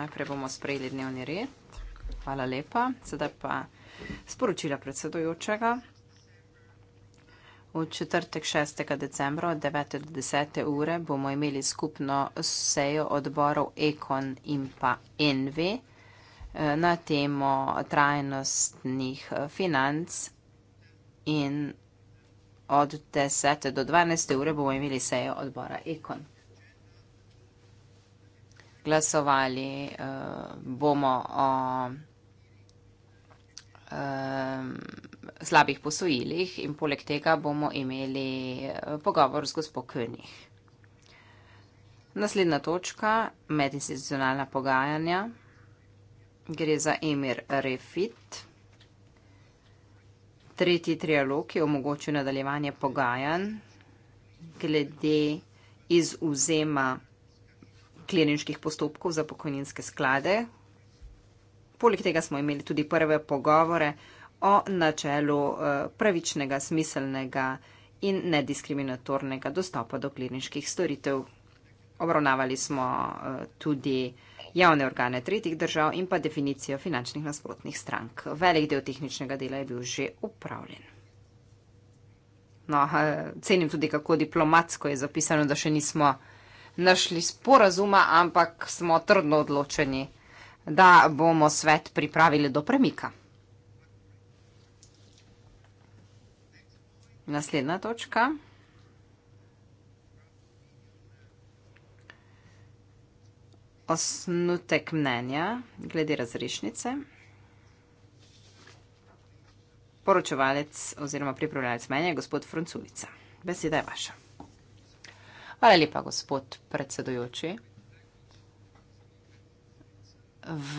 Najprej bomo sprejeli dnevni red. Hvala lepa. Sedaj pa sporočila predsedojočega. V četrtek 6. decembra od 9. do 10. ure bomo imeli skupno sejo odborov Ekon in pa NV eh, na temo trajnostnih eh, financ in od 10. do 12. ure bomo imeli sejo odbora Ekon glasovali uh, bomo o um, slabih posojilih in poleg tega bomo imeli eh, pogovor z gospod Könih. Naslednja točka, medinstitucionalna pogajanja, gre za Emir Refit. Tretji trialog je omogočil nadaljevanje pogajanj glede izuzema kliniških postopkov za pokojninske sklade. Poleg tega smo imeli tudi prve pogovore o načelu eh, pravičnega, smiselnega in nediskriminatornega dostopa do kliniških storitev. Obravnavali smo eh, tudi javne organe tretjih držav in pa definicijo finančnih nasprotnih strank. Velik del tehničnega dela je bil že upravljen. No, eh, cenim tudi, kako diplomatsko je zapisano, da še nismo našli sporazuma, ampak smo trdno odločeni, da bomo svet pripravili do premika. Naslednja točka. Osnutek mnenja glede razrešnice. Poročevalec oziroma pripravljalec mnenja je gospod Franculjica. Beseda je vaša. Hvala lepa, gospod predsedujoči. V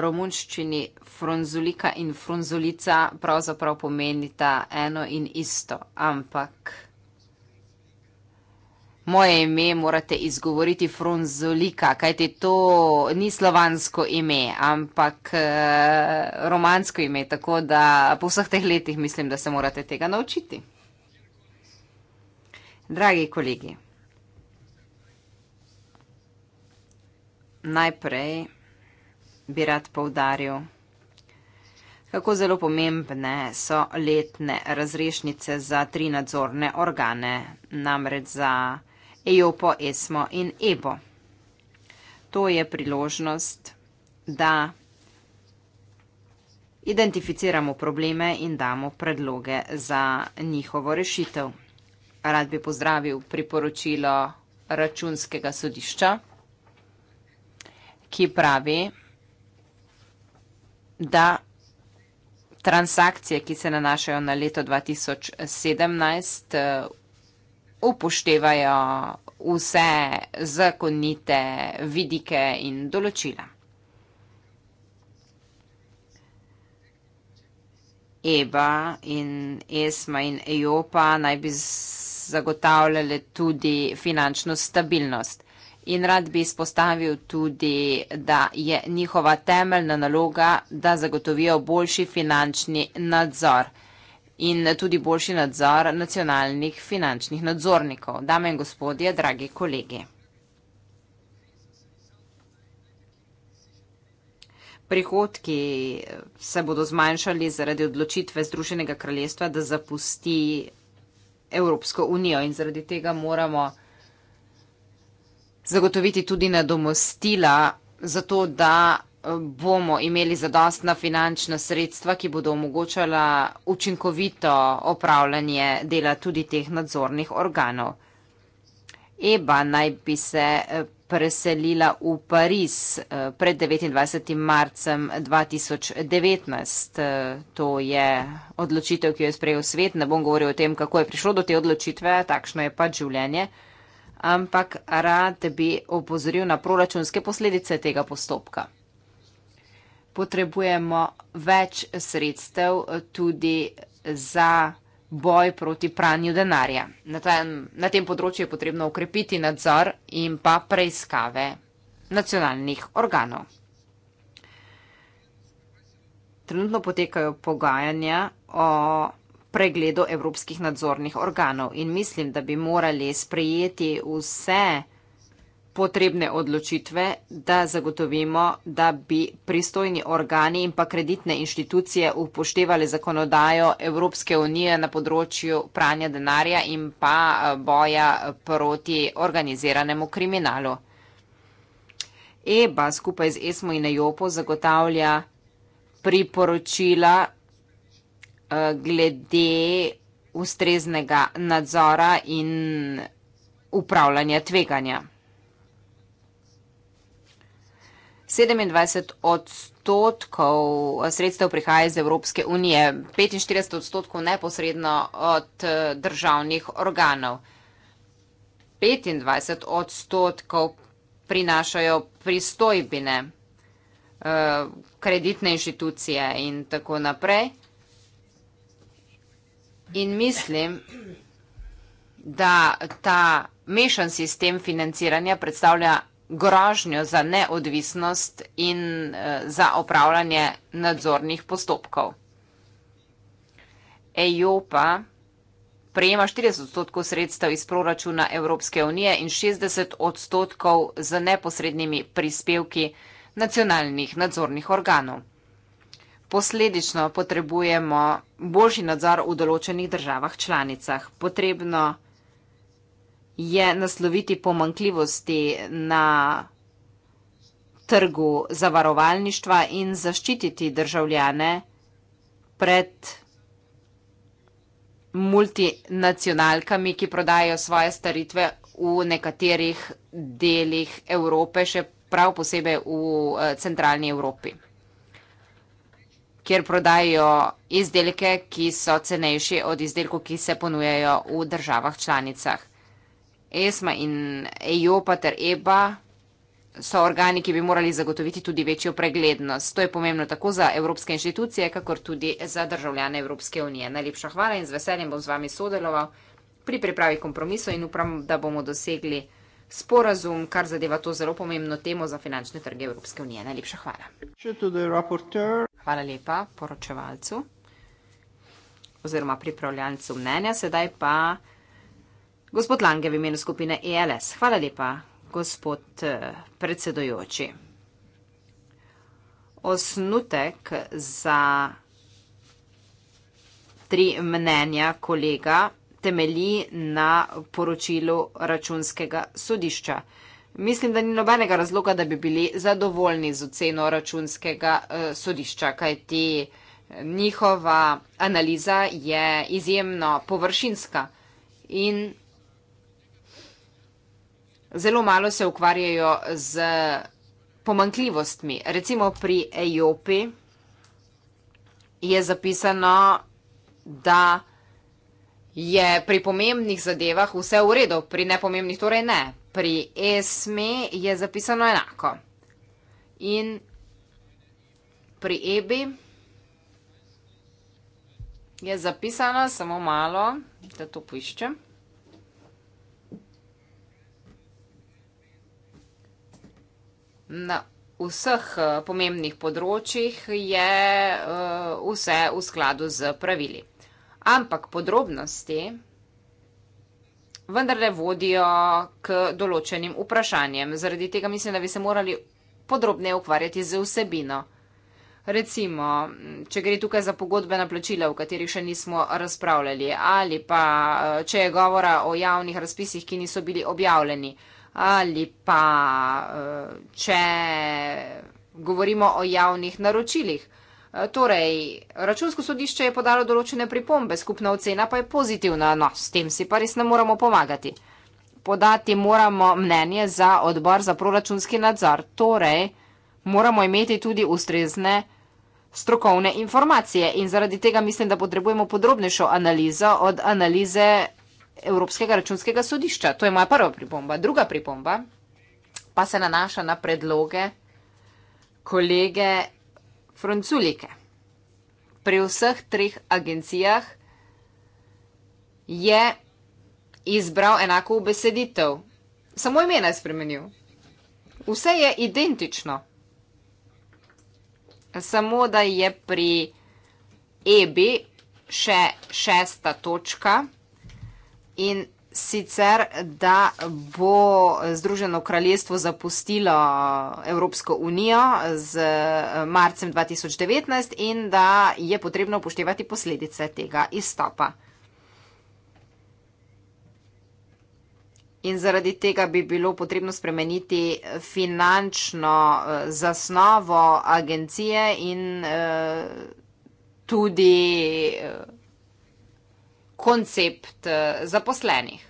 romunščini frunzulika in frunzulica pravzaprav pomenita eno in isto, ampak moje ime morate izgovoriti frunzulika, kajte to ni slovansko ime, ampak eh, romansko ime, tako da po vseh teh letih mislim, da se morate tega naučiti. Dragi kolegi. najprej bi rad povdaril, kako zelo pomembne so letne razrešnice za tri nadzorne organe, namreč za EOPO, ESMO in EBO. To je priložnost, da identificiramo probleme in damo predloge za njihovo rešitev. Rad bi pozdravil priporočilo računskega sodišča ki pravi, da transakcije, ki se nanašajo na leto 2017, eh, upoštevajo vse zakonite vidike in določila. EBA in ESMA in EOPA naj bi zagotavljali tudi finančno stabilnost. In rad bi izpostavil tudi, da je njihova temeljna naloga, da zagotovijo boljši finančni nadzor in tudi boljši nadzor nacionalnih finančnih nadzornikov. Dame in gospodje, dragi kolegi. Prihodki se bodo zmanjšali zaradi odločitve Združenega kraljestva, da zapusti Evropsko unijo in zaradi tega moramo vsega, zagotoviti tudi nadomostila za to, da eh, bomo imeli zadostna finančna sredstva, ki bodo omogočala učinkovito opravljanje dela tudi teh nadzornih organov. EBA naj bi se eh, preselila v Pariz eh, pred 29. marcem 2019. To je odločitev, ki jo je sprejel svet. Ne bom govoril o tem, kako je prišlo do te odločitve, takšno je pač življenje ampak rad bi opozoril na proračunske posledice tega postopka. Potrebujemo več sredstev tudi za boj proti pranju denarja. Na, ta, na tem področju je potrebno ukrepiti nadzor in pa preiskave nacionalnih organov. Trenutno potekajo pogajanja o pregledu evropskih nadzornih organov in mislim, da bi morali sprejeti vse potrebne odločitve, da zagotovimo, da bi pristojni organi in pa kreditne inštitucije upoštevali zakonodajo Evropske unije na področju pranja denarja in pa eh, boja eh, proti organiziranemu kriminalu. EBA skupaj z ESMO in EJOPO zagotavlja priporočila Eh, glede ustreznega nadzora in upravljanja tveganja. 27 odstotkov eh, sredstev prihaja iz Evropske unije, 45 odstotkov neposredno od eh, državnih organov. 25 odstotkov prinašajo pristojbine, kreditne inštitucije in tako naprej. In mislim, da ta mešan sistem financiranja predstavlja grožnjo za neodvisnost in eh, za opravljanje nadzornih postopkov. EU pa prejema 40 odstotkov sredstev iz proračuna Evropske unije in 60 odstotkov z neposrednimi prispevki nacionalnih nadzornih organov. Posledično potrebujemo božji nadzor v določenih državah članicah. Potrebno je nasloviti pomankljivosti na trgu zavarovalništva in zaščititi državljane pred multinacionalkami, ki prodajo svoje staritve v nekaterih delih Evrope, še prav posebej v eh, centralni Evropi kjer prodajajo izdelke, ki so cenejši od izdelkov, ki se ponujajo v državah članicah. ESMA in EU pa ter EBA so organi, ki bi morali zagotoviti tudi večjo preglednost. To je pomembno tako za evropske inštitucije, kakor tudi za državljane Evropske unije. Najlepša hvala in z veseljem bom z vami sodeloval pri pripravi kompromiso in upam, da bomo dosegli sporazum, kar zadeva to zelo pomembno temo za finančne trge Evropske unije. Najlepša hvala. Hvala lepa poročevalcu oziroma pripravljalcu mnenja. Sedaj pa gospod Lange v imenu skupine ELS. Hvala lepa, gospod predsedojoči. Osnutek za tri mnenja kolega temelji na poročilu računskega sodišča. Mislim, da ni nobenega razloga, da bi bili zadovoljni z oceno računskega uh, sodišča, kajti eh, njihova analiza je izjemno površinska in zelo malo se ukvarjajo z pomankljivostmi. Recimo pri Ejopi je zapisano, da je pri pomembnih zadevah vse v redu, pri nepomembnih torej ne pri Esme je zapisano enako. In pri Ebi je zapisano samo malo, da to poiščem. Na vseh eh, pomembnih področjih je eh, vse v skladu z pravili. Ampak podrobnosti vendarle vodijo k določenim vprašanjem. Zaradi tega mislim, da bi se morali podrobneje ukvarjati z vsebino. Recimo, če gre tukaj za pogodbena plačila, o katerih še nismo razpravljali, ali pa eh, če je govora o javnih razpisih, ki niso bili objavljeni, ali pa eh, če govorimo o javnih naročilih, Eh, torej, računsko sodišče je podalo določene pripombe, skupna ocena pa je pozitivna, no, s tem si pa res ne moramo pomagati. Podati moramo mnenje za odbor za proračunski nadzor, torej moramo imeti tudi ustrezne strokovne informacije in zaradi tega mislim, da potrebujemo podrobnejšo analizo od analize Evropskega računskega sodišča. To je moja prva pripomba. Druga pripomba pa se nanaša na predloge kolege Frunculike. Pri vseh treh agencijah je izbral enako ubeseditev. Samo imena je spremenil. Vse je identično. Samo, da je pri EBI še šesta točka in sicer, da bo Združeno kraljestvo zapustilo Evropsko unijo z eh, marcem 2019 in da je potrebno upoštevati posledice tega izstopa. In zaradi tega bi bilo potrebno spremeniti finančno eh, zasnovo agencije in eh, tudi koncept eh, zaposlenih.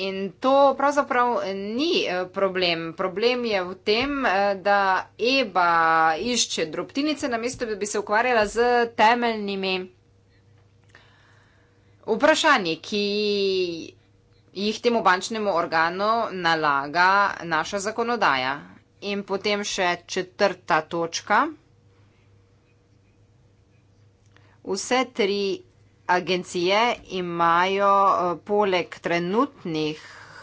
In to pravzaprav ni eh, problem. Problem je v tem, eh, da Eba išče drobtinice, namesto da bi se ukvarjala z temeljnimi vprašanji, ki jih temu bančnemu organu nalaga naša zakonodaja. In potem še četrta točka. Vse tri agencije imajo eh, poleg trenutnih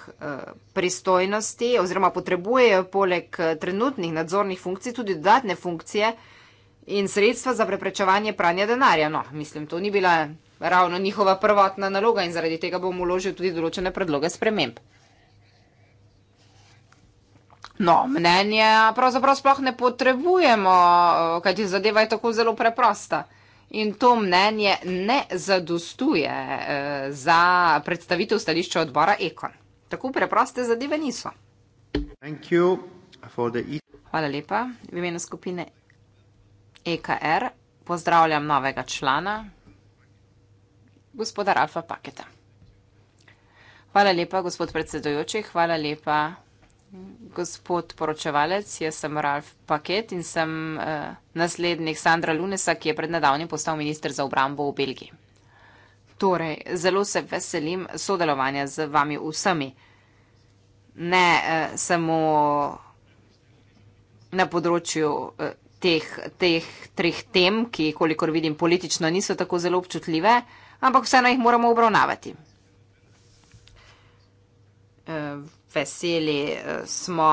eh, pristojnosti oziroma potrebujejo poleg eh, trenutnih nadzornih funkcij tudi dodatne funkcije in sredstva za preprečevanje pranja denarja. No, mislim, to ni bila ravno njihova prvotna naloga in zaradi tega bom uložil tudi določene predloge sprememb. No, mnenje pravzaprav sploh ne potrebujemo, eh, kajti zadeva je tako zelo preprosta. In to mnenje ne zadostuje eh, za predstavitev stališča odbora Ekon. Tako preproste zadeve niso. E- Hvala lepa. V imenu skupine EKR pozdravljam novega člana, gospoda Ralfa Paketa. Hvala lepa, gospod predsedojoči. Hvala lepa gospod poročevalec, jaz sem Ralf Paket in sem uh, naslednik Sandra Lunesa, ki je prednedavnim postal minister za obrambo v Belgiji. Torej, zelo se veselim sodelovanja z vami vsemi. Ne uh, samo na področju uh, teh, teh treh tem, ki, kolikor vidim, politično niso tako zelo občutljive, ampak vseeno jih moramo obravnavati. Uh, veseli uh, smo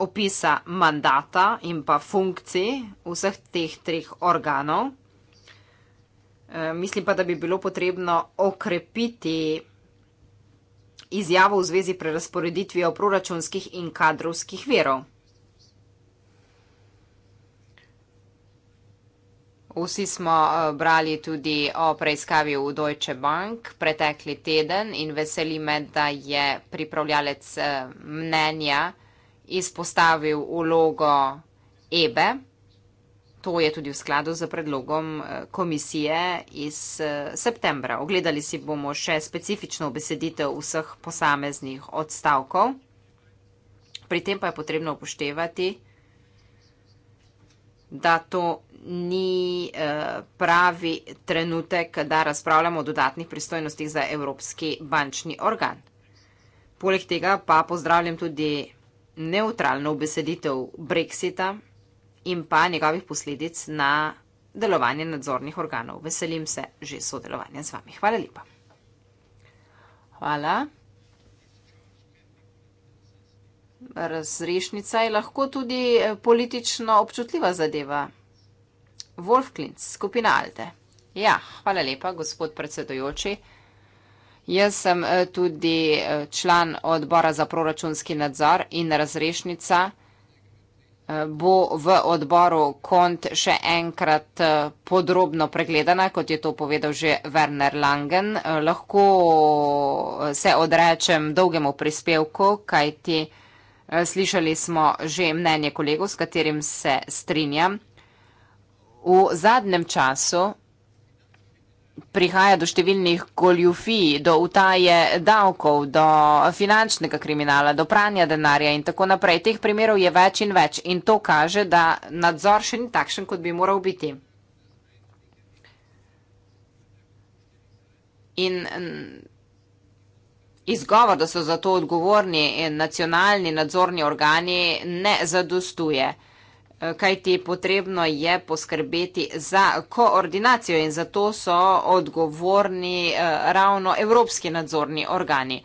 opisa mandata in pa funkcij vseh teh treh organov. Eh, mislim pa, da bi bilo potrebno okrepiti izjavo v zvezi prerasporeditvijo proračunskih in kadrovskih verov. Vsi smo eh, brali tudi o preiskavi v Deutsche Bank pretekli teden in veseli me, da je pripravljalec eh, mnenja izpostavil vlogo EBE. To je tudi v skladu z predlogom eh, komisije iz septembra. Ogledali si bomo še specifično obeseditev vseh posameznih odstavkov. Pri tem pa je potrebno upoštevati, da je potrebno upoštevati, da to ni eh, pravi trenutek, da razpravljamo o dodatnih pristojnostih za Evropski bančni organ. Poleg tega pa pozdravljam tudi neutralno obeseditev Brexita in pa njegovih posledic na delovanje nadzornih organov. Veselim se že sodelovanja z vami. Hvala lepa. Hvala. razrešnica je lahko tudi eh, politično občutljiva zadeva. Wolf Klinc, skupina Alde. Ja, hvala lepa, gospod predsedojoči. Jaz sem eh, tudi eh, član odbora za proračunski nadzor in razrešnica bo v odboru kont še enkrat podrobno pregledana, kot je to povedal že Werner Langen. Lahko se odrečem dolgemu prispevku, kajti. Eh, slišali smo že mnenje kolegov, s katerim se strinjam. V zadnjem času prihaja do številnih goljufij, do utaje davkov, do finančnega kriminala, do pranja denarja in tako naprej. Teh primerov je več in več in to kaže, da nadzor še ni takšen, kot bi moral biti. In izgovor, da so za to odgovorni nacionalni nadzorni organi, ne zadostuje. Kaj ti potrebno je poskrbeti za koordinacijo in za to so odgovorni eh, ravno evropski nadzorni organi.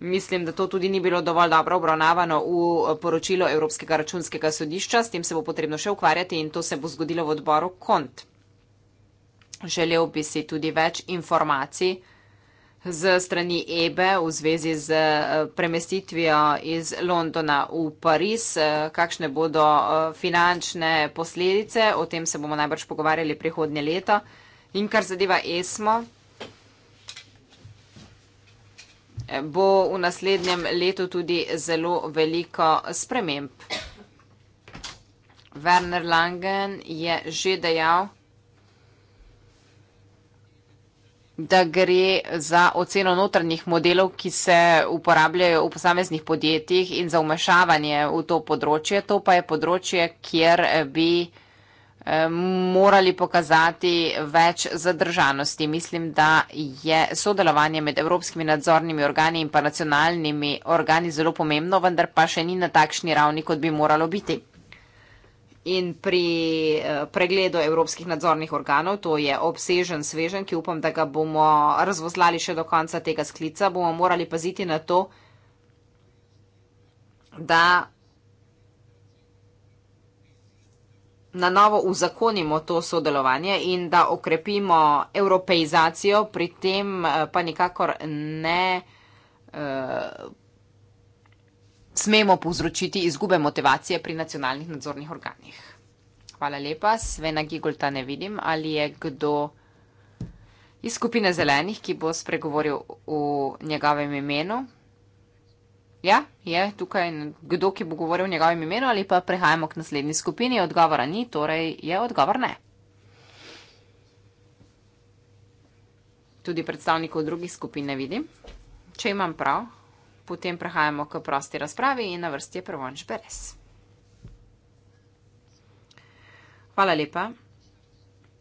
Mislim, da to tudi ni bilo dovolj dobro obravnavano v poročilo Evropskega računskega sodišča. S tem se bo potrebno še ukvarjati in to se bo zgodilo v odboru KONT. Želel bi si tudi več informacij z strani EBE v zvezi z eh, premestitvijo iz Londona v Pariz, eh, kakšne bodo eh, finančne posledice, o tem se bomo najbrž pogovarjali prihodnje leto. In kar zadeva ESMO, bo v naslednjem letu tudi zelo veliko sprememb. Werner Langen je že dejal, da gre za oceno notranjih modelov, ki se uporabljajo v posameznih podjetjih in za umešavanje v to področje. To pa je področje, kjer bi eh, morali pokazati več zadržanosti. Mislim, da je sodelovanje med evropskimi nadzornimi organi in pa nacionalnimi organi zelo pomembno, vendar pa še ni na takšni ravni, kot bi moralo biti. In pri eh, pregledu evropskih nadzornih organov, to je obsežen svežen, ki upam, da ga bomo razvozlali še do konca tega sklica, bomo morali paziti na to, da na novo uzakonimo to sodelovanje in da okrepimo europeizacijo, pri tem eh, pa nikakor ne. Uh, smemo povzročiti izgube motivacije pri nacionalnih nadzornih organih. Hvala lepa, Svena Gigolta ne vidim, ali je kdo iz skupine zelenih, ki bo spregovoril v njegovem imenu. Ja, je tukaj kdo, ki bo govoril v njegovem imenu ali pa prehajamo k naslednji skupini. Odgovora ni, torej je odgovor ne. Tudi predstavnikov drugih skupin ne vidim. Če imam prav, potem prehajamo k prosti razpravi in na vrsti je prvonč Beres. Hvala lepa.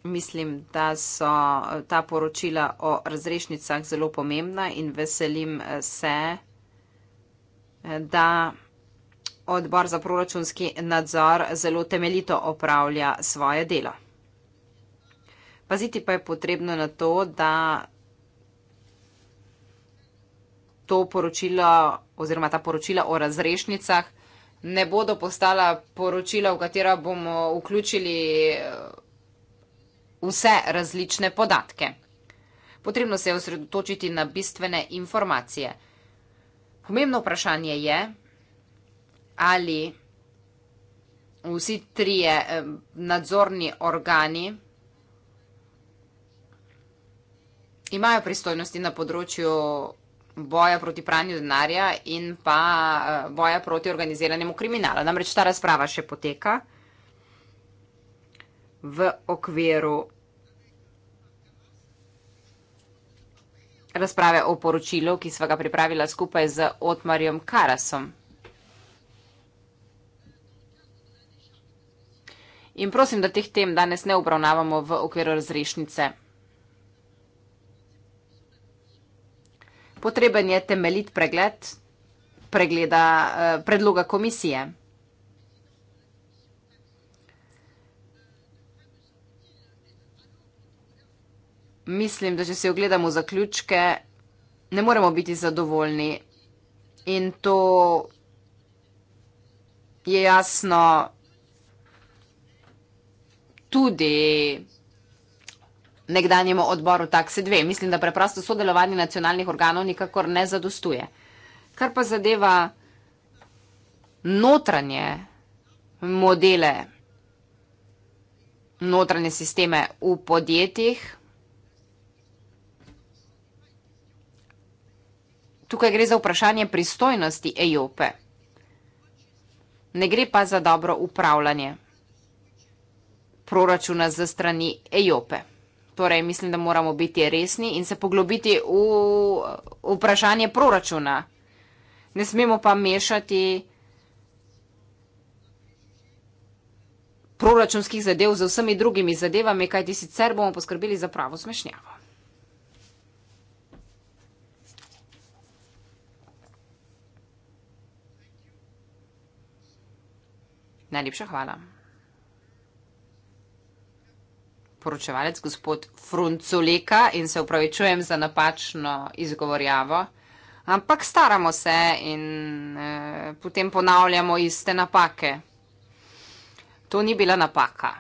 Mislim, da so eh, ta poročila o razrešnicah zelo pomembna in veselim eh, se, eh, da odbor za proračunski nadzor zelo temeljito opravlja svoje delo. Paziti pa je potrebno na to, da to poročilo oziroma ta poročila o razrešnicah ne bodo postala poročila, v katera bomo vključili eh, vse različne podatke. Potrebno se je osredotočiti na bistvene informacije. Pomembno vprašanje je, ali vsi trije eh, nadzorni organi imajo pristojnosti na področju boja proti pranju denarja in pa eh, boja proti organiziranemu kriminalu. Namreč ta razprava še poteka v okviru razprave o poročilu, ki sva ga pripravila skupaj z Otmarjem Karasom. In prosim, da teh tem danes ne obravnavamo v okviru razrešnice. Potreben je temeljit pregled pregleda, eh, predloga komisije. Mislim, da če si ogledamo zaključke, ne moremo biti zadovoljni in to je jasno tudi vsega, nekdanjemu odboru takse dve. Mislim, da preprosto sodelovanje nacionalnih organov nikakor ne zadostuje. Kar pa zadeva notranje modele, notranje sisteme v podjetjih, tukaj gre za vprašanje pristojnosti EJOPE. E. Ne gre pa za dobro upravljanje proračuna za strani EJOPE. Torej, mislim, da moramo biti resni in se poglobiti v vprašanje proračuna. Ne smemo pa mešati proračunskih zadev z vsemi drugimi zadevami, kajti sicer bomo poskrbeli za pravo smešnjavo. Najlepša hvala. poročevalec, gospod Frunculika in se upravičujem za napačno izgovorjavo. Ampak staramo se in eh, potem ponavljamo iste napake. To ni bila napaka.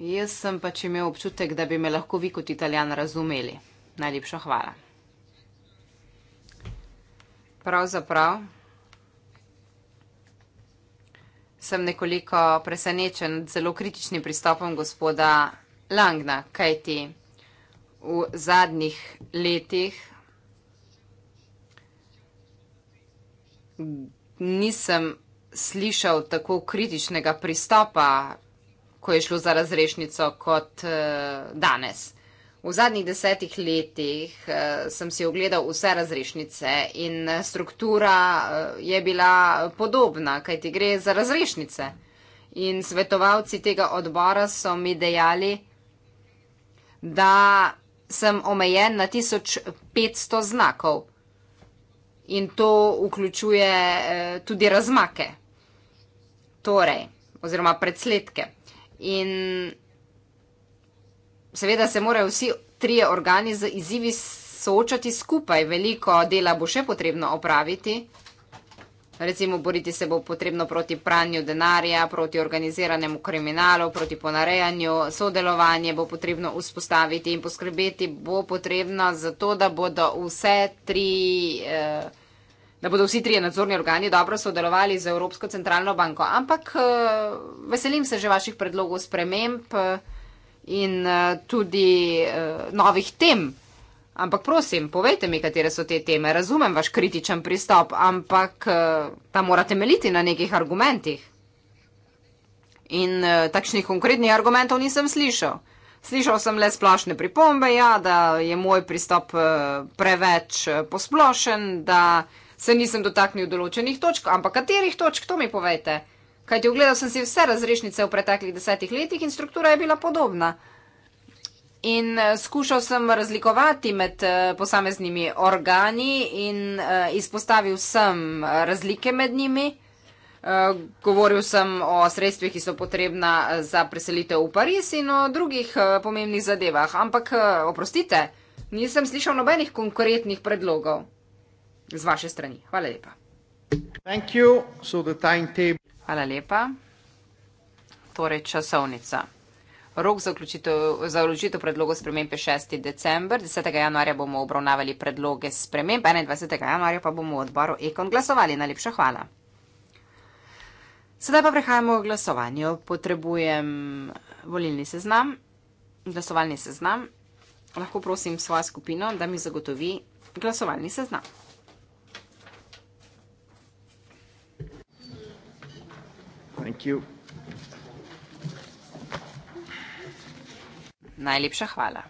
Jaz sem pač imel občutek, da bi me lahko vi kot italijan razumeli. Najlepša hvala. Pravzaprav sem nekoliko presenečen z zelo kritičnim pristopom gospoda Langna, kajti v zadnjih letih nisem slišal tako kritičnega pristopa, ko je šlo za razrešnico kot eh, danes. V zadnjih desetih letih eh, sem si ogledal vse razrešnice in struktura eh, je bila podobna, kaj ti gre za razrešnice. In svetovalci tega odbora so mi dejali, da sem omejen na 1500 znakov in to vključuje eh, tudi razmake, torej, oziroma predsledke. In seveda se morajo vsi trije organi z izzivi soočati skupaj. Veliko dela bo še potrebno opraviti. Recimo boriti se bo potrebno proti pranju denarja, proti organiziranemu kriminalu, proti ponarejanju, sodelovanje bo potrebno vzpostaviti in poskrbeti bo potrebno za to, da bodo vse tri. Eh, da bodo vsi trije nadzorni organi dobro sodelovali z Evropsko centralno banko. Ampak eh, veselim se že vaših predlogov spremembe in uh, tudi uh, novih tem. Ampak prosim, povejte mi, katere so te teme. Razumem vaš kritičen pristop, ampak uh, ta morate meliti na nekih argumentih. In uh, takšnih konkretnih argumentov nisem slišal. Slišal sem le splošne pripombe, ja, da je moj pristop uh, preveč uh, posplošen, da se nisem dotaknil določenih točk, ampak katerih točk, to mi povejte. Kajti ogledal sem si vse razrešnice v preteklih desetih letih in struktura je bila podobna. In eh, skušal sem razlikovati med eh, posameznimi organi in eh, izpostavil sem razlike med njimi. Govoril sem o sredstvih, ki so potrebna za preselitev v Pariz in o drugih pomembnih zadevah. Ampak, oprostite, nisem slišal nobenih konkretnih predlogov z vaše strani. Hvala lepa. Thank you. So the timetable. Hvala lepa. Torej, časovnica. Rok za vročitev predlogov sprememb je 6. december, 10. januarja bomo obravnavali predloge sprememb, 21. januarja pa bomo v odboru Ekon glasovali. Najlepša hvala. Sedaj pa prehajamo v glasovanje. Potrebujem volilni seznam, glasovalni seznam. Lahko prosim svojo skupino, da mi zagotovi glasovalni seznam. Thank you. Najlepša hvala.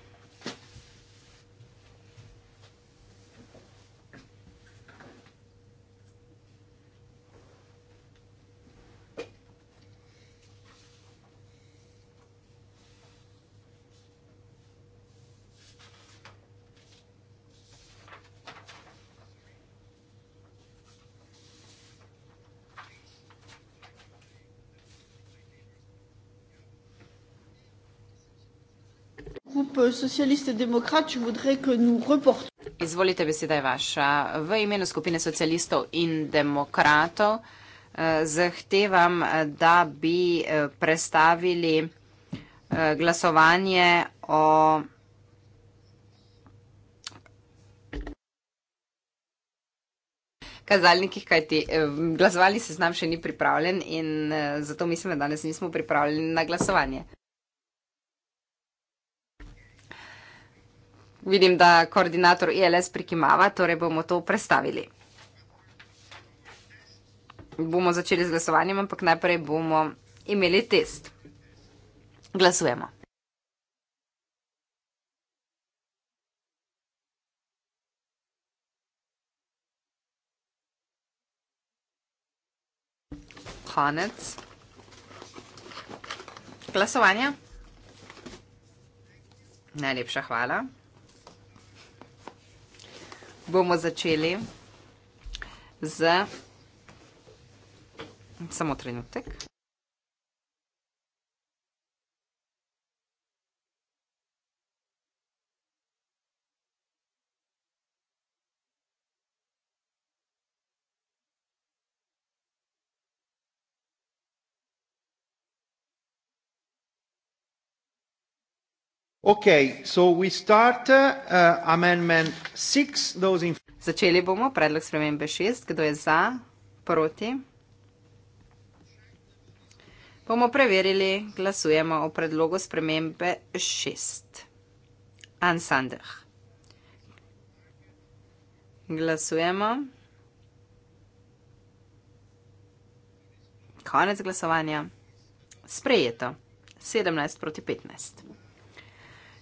groupe euh, socialiste et démocrate, je voudrais que nous reportions. Izvolite, beseda je vaša. V imenu skupine socialistov in demokratov eh, zahtevam, eh, da bi eh, predstavili glasovanje o kazalnikih, kajti glasovalni seznam še ni pripravljen in zato mislim, da danes nismo pripravljeni na glasovanje. Vidim, da koordinator ILS e prikimava, torej bomo to predstavili. Bomo začeli z glasovanjem, ampak najprej bomo imeli test. Glasujemo. Konec glasovanja. Najlepša hvala bomo začeli z. Samo trenutek. Okay, so we start, uh, six, those in... Začeli bomo predlog spremembe 6. Kdo je za, proti? Bomo preverili, glasujemo o predlogu spremembe 6. Ansandeh. Glasujemo. Konec glasovanja. Sprejeto. 17 proti 15.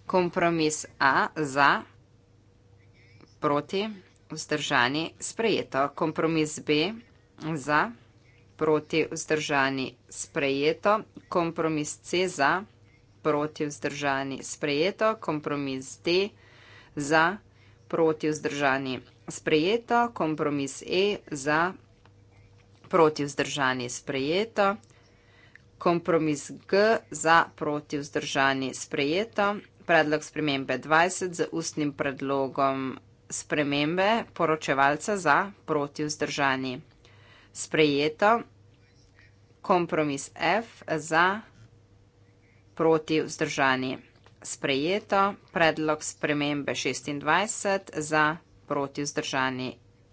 Kompromis A za, proti, vzdržani, sprejeto. Kompromis B za, proti, vzdržani, sprejeto. Kompromis C za, proti, vzdržani, sprejeto. Kompromis D za, proti, vzdržani, sprejeto. Kompromis E za, proti, vzdržani, sprejeto. Kompromis G za, proti, vzdržani, sprejeto predlog spremembe 20 z ustnim predlogom spremembe poročevalca za proti vzdržani. Sprejeto kompromis F za proti vzdržani. Sprejeto predlog spremembe 26 za proti vzdržani.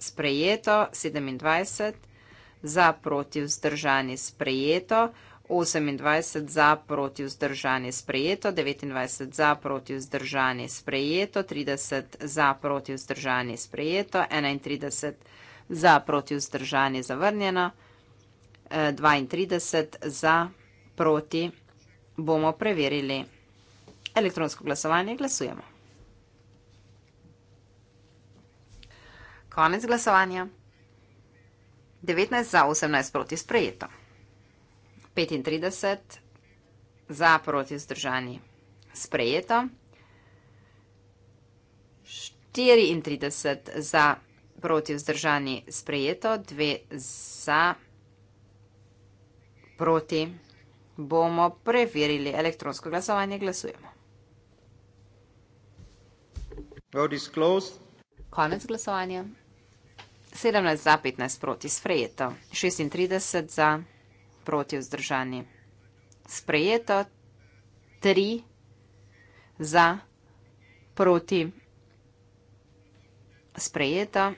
Sprejeto 27 za proti vzdržani. Sprejeto 28 za, proti vzdržani sprejeto, 29 za, proti vzdržani sprejeto, 30 za, proti vzdržani sprejeto, 31 za, proti vzdržani zavrnjeno, 32 e, za, proti bomo preverili elektronsko glasovanje. Glasujemo. Konec glasovanja. 19 za 18 proti sprejeto. 35, za proti vzdržani sprejeto, 34 za proti vzdržani sprejeto, 2 za proti. Bomo preverili elektronsko glasovanje. Glasujemo. Konec glasovanja. 17 za 15 proti sprejeto, 36 za proti vzdržani. Sprejeto tri za proti sprejeto,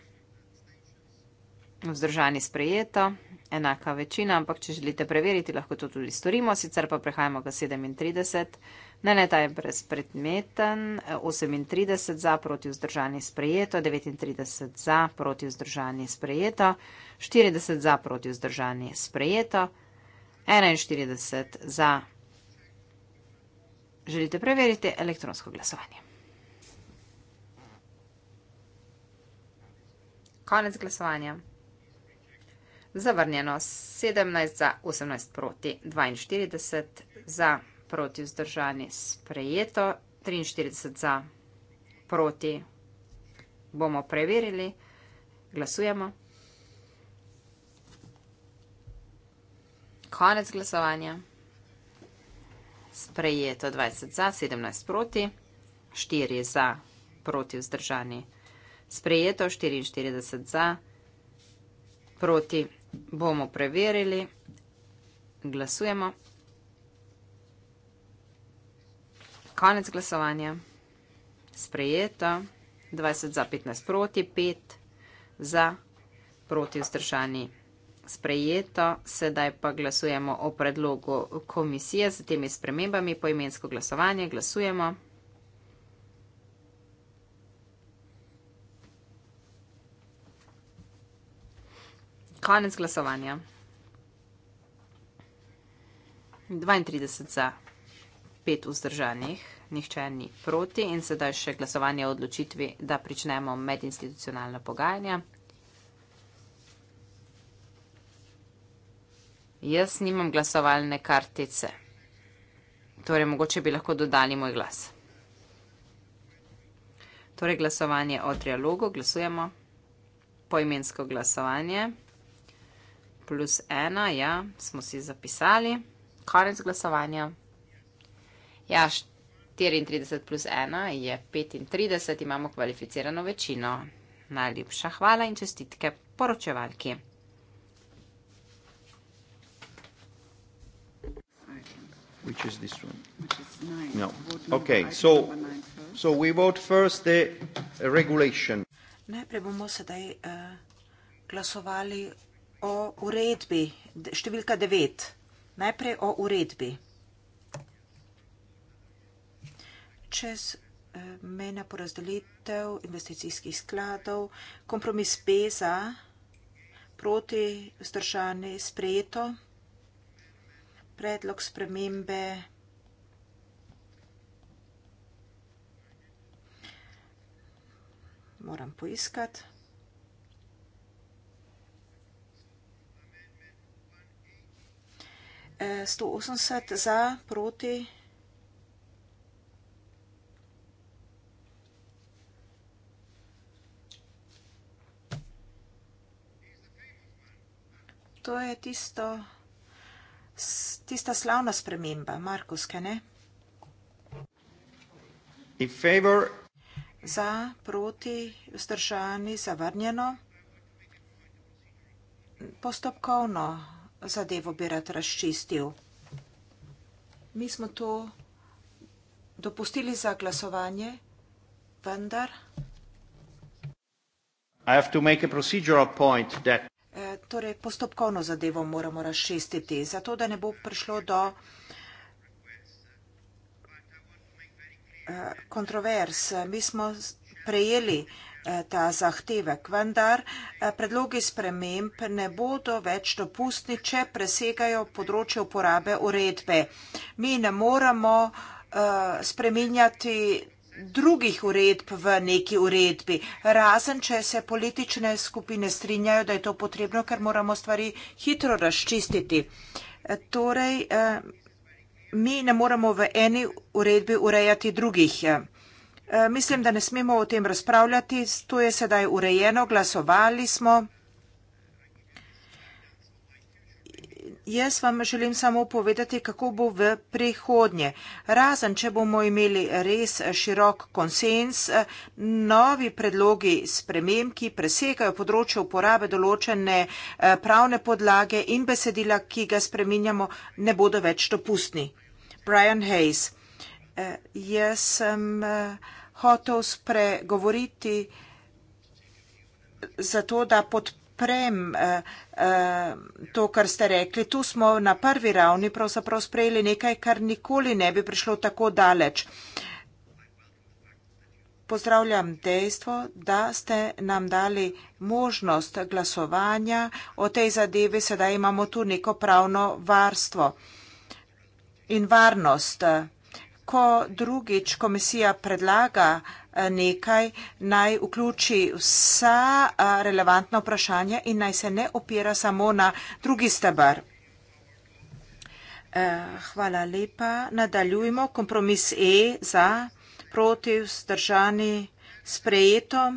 vzdržani sprejeto, enaka večina, ampak če želite preveriti, lahko to tudi storimo, sicer pa prehajamo ga 37, ne ne, ta je brezpredmeten, 38 za proti vzdržani sprejeto, 39 za proti vzdržani sprejeto, 40 za proti vzdržani sprejeto, 41 za. Želite preveriti elektronsko glasovanje? Konec glasovanja. Zavrnjeno 17 za, 18 proti, 42 za, proti vzdržani sprejeto, 43 za, proti. Bomo preverili. Glasujemo. konec glasovanja. Sprejeto 20 za, 17 proti, 4 za, proti vzdržani. Sprejeto 44 za, proti bomo preverili. Glasujemo. Konec glasovanja. Sprejeto 20 za, 15 proti, 5 za, proti vzdržani sprejeto, sedaj pa glasujemo o predlogu komisije z temi spremembami po imensko glasovanje. Glasujemo. Konec glasovanja. 32 za, 5 vzdržanih, nihče ni proti in sedaj še glasovanje o odločitvi, da pričnemo medinstitucionalna pogajanja. Jaz nimam glasovalne kartice. Torej, mogoče bi lahko dodali moj glas. Torej, glasovanje o trialogu, glasujemo poimensko glasovanje. Plus ena, ja, smo si zapisali. Konec glasovanja. Ja, 34 plus ena je 35, imamo kvalificirano večino. Najlepša hvala in čestitke poročevalki. which is this one? No. Okay, so, so we vote first the uh, regulation. Najprej bomo sedaj uh, glasovali o uredbi, številka 9. Najprej o uredbi. Čez uh, mena porazdelitev investicijskih skladov, kompromis peza proti vzdržanju sprejeto predlog spremembe moram poiskati. E, sto osemdeset za, proti. To je tisto tista slavna sprememba, Markus, kaj ne? Za, proti, vzdržani, zavrnjeno. Postopkovno zadevo bi rad razčistil. Mi smo to dopustili za glasovanje, vendar... I have to make a procedural point that Eh, torej postopkovno zadevo moramo razšestiti, zato da ne bo prišlo do eh, kontrovers. Mi smo prejeli eh, ta zahtevek, vendar predlogi sprememb ne bodo več dopustni, če presegajo področje uporabe uredbe. Mi ne moremo spreminjati drugih uredb v neki uredbi, razen če se politične skupine strinjajo, da je to potrebno, ker moramo stvari hitro razčistiti. Torej, eh, mi ne moramo v eni uredbi urejati drugih. Eh, mislim, da ne smemo o tem razpravljati, to je sedaj urejeno, glasovali smo. jaz vam želim samo povedati, kako bo v prihodnje. Razen, če bomo imeli res širok konsens, novi predlogi sprememb, ki presekajo področje uporabe določene eh, pravne podlage in besedila, ki ga spreminjamo, ne bodo več dopustni. Brian Hayes. Eh, jaz sem eh, hotel spregovoriti zato, da podpravljam podprem uh, eh, uh, eh, to, kar ste rekli. Tu smo na prvi ravni pravzaprav sprejeli nekaj, kar nikoli ne bi prišlo tako daleč. Pozdravljam dejstvo, da ste nam dali možnost glasovanja o tej zadevi, sedaj imamo tu neko pravno varstvo in varnost. Uh, ko drugič komisija predlaga eh, nekaj, naj vključi vsa eh, relevantna vprašanja in naj se ne opira samo na drugi stebr. Eh, hvala lepa. Nadaljujemo. Kompromis E za proti vzdržani sprejeto.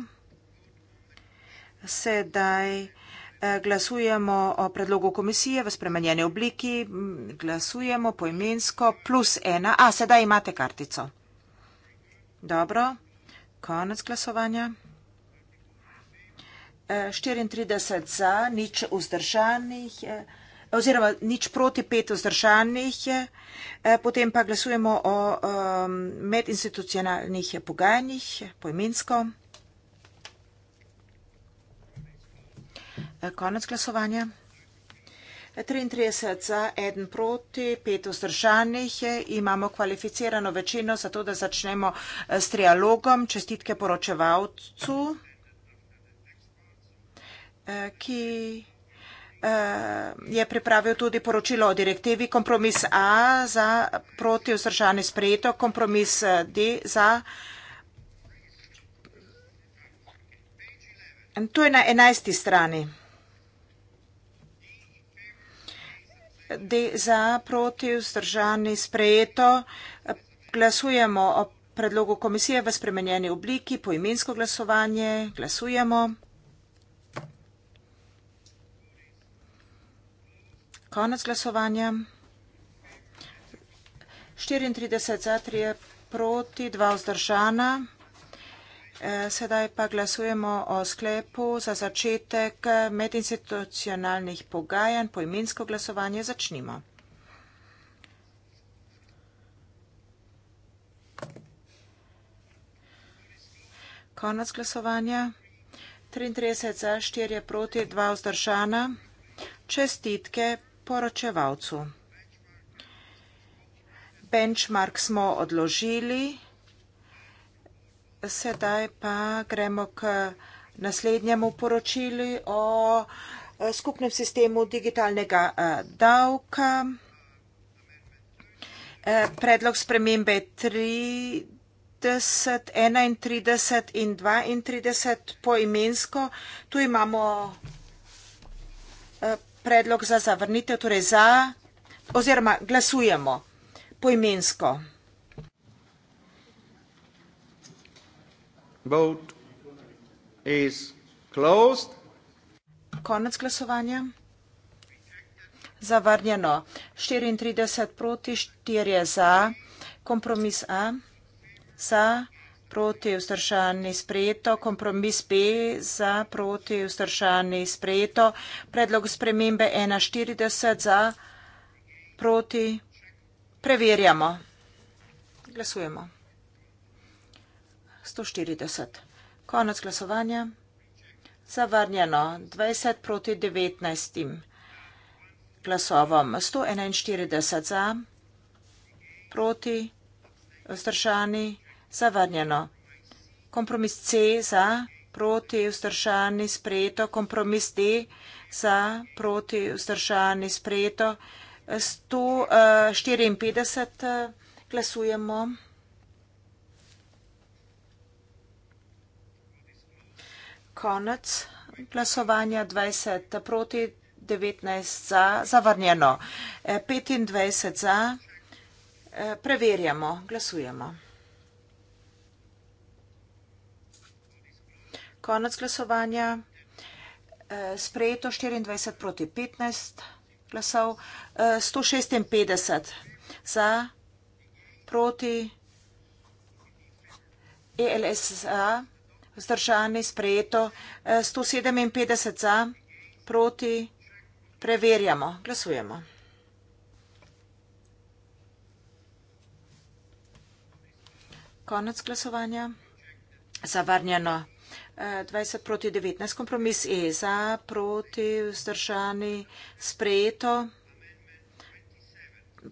Sedaj vzdržani glasujemo o predlogu komisije v spremenjeni obliki. Glasujemo poimensko plus ena. A, sedaj imate kartico. Dobro, konec glasovanja. 34 e, za, nič vzdržanih, e, oziroma nič proti pet vzdržanih, e, potem pa glasujemo o medinstitucionalnih pogajanjih poimensko. Konec glasovanja. 33 za, 1 proti, 5 vzdržanih. Imamo kvalificirano večino za to, da začnemo eh, s trialogom. Čestitke poročevalcu, eh, ki eh, je pripravil tudi poročilo o direktivi. Kompromis A za proti vzdržani sprejeto, kompromis D za. To je na 11. strani. za, proti, vzdržani, sprejeto. Glasujemo o predlogu komisije v spremenjeni obliki, poimensko glasovanje. Glasujemo. Konec glasovanja. 34 za, 3 proti, 2 vzdržana. Sedaj pa glasujemo o sklepu za začetek medinstitucionalnih pogajanj. Poimensko glasovanje začnimo. Konec glasovanja. 33 za, 4 proti, 2 vzdržana. Čestitke poročevalcu. Benchmark smo odložili. Sedaj pa gremo k naslednjemu poročili o eh, skupnem sistemu digitalnega eh, davka. Eh, predlog spremembe 30, 31 in 32 poimensko. Tu imamo predlog za zavrnitev, torej za oziroma glasujemo poimensko. Vote is closed. Konec glasovanja. Zavrnjeno. 34 proti, 4 za. Kompromis A. Za, proti, vzdržani, sprejeto. Kompromis B. Za, proti, vzdržani, sprejeto. Predlog spremembe 41 za, proti. Preverjamo. Glasujemo. 140. Konec glasovanja. Zavrnjeno 20 proti 19 glasovom. 141 za, proti, vzdržani, zavrnjeno. Kompromis C za, proti, vzdržani, sprejeto. Kompromis D za, proti, vzdržani, sprejeto. 154 eh, eh, glasujemo. konec glasovanja 20 proti 19 za, zavrnjeno 25 e, za. E, preverjamo, glasujemo. Konec glasovanja. E, sprejeto 24 proti 15 glasov. 156 za, proti ELSA vzdržani, sprejeto 157 e, za, proti, preverjamo, glasujemo. Konec glasovanja. Zavarnjeno 20 e, proti 19, kompromis je za, proti, vzdržani, sprejeto.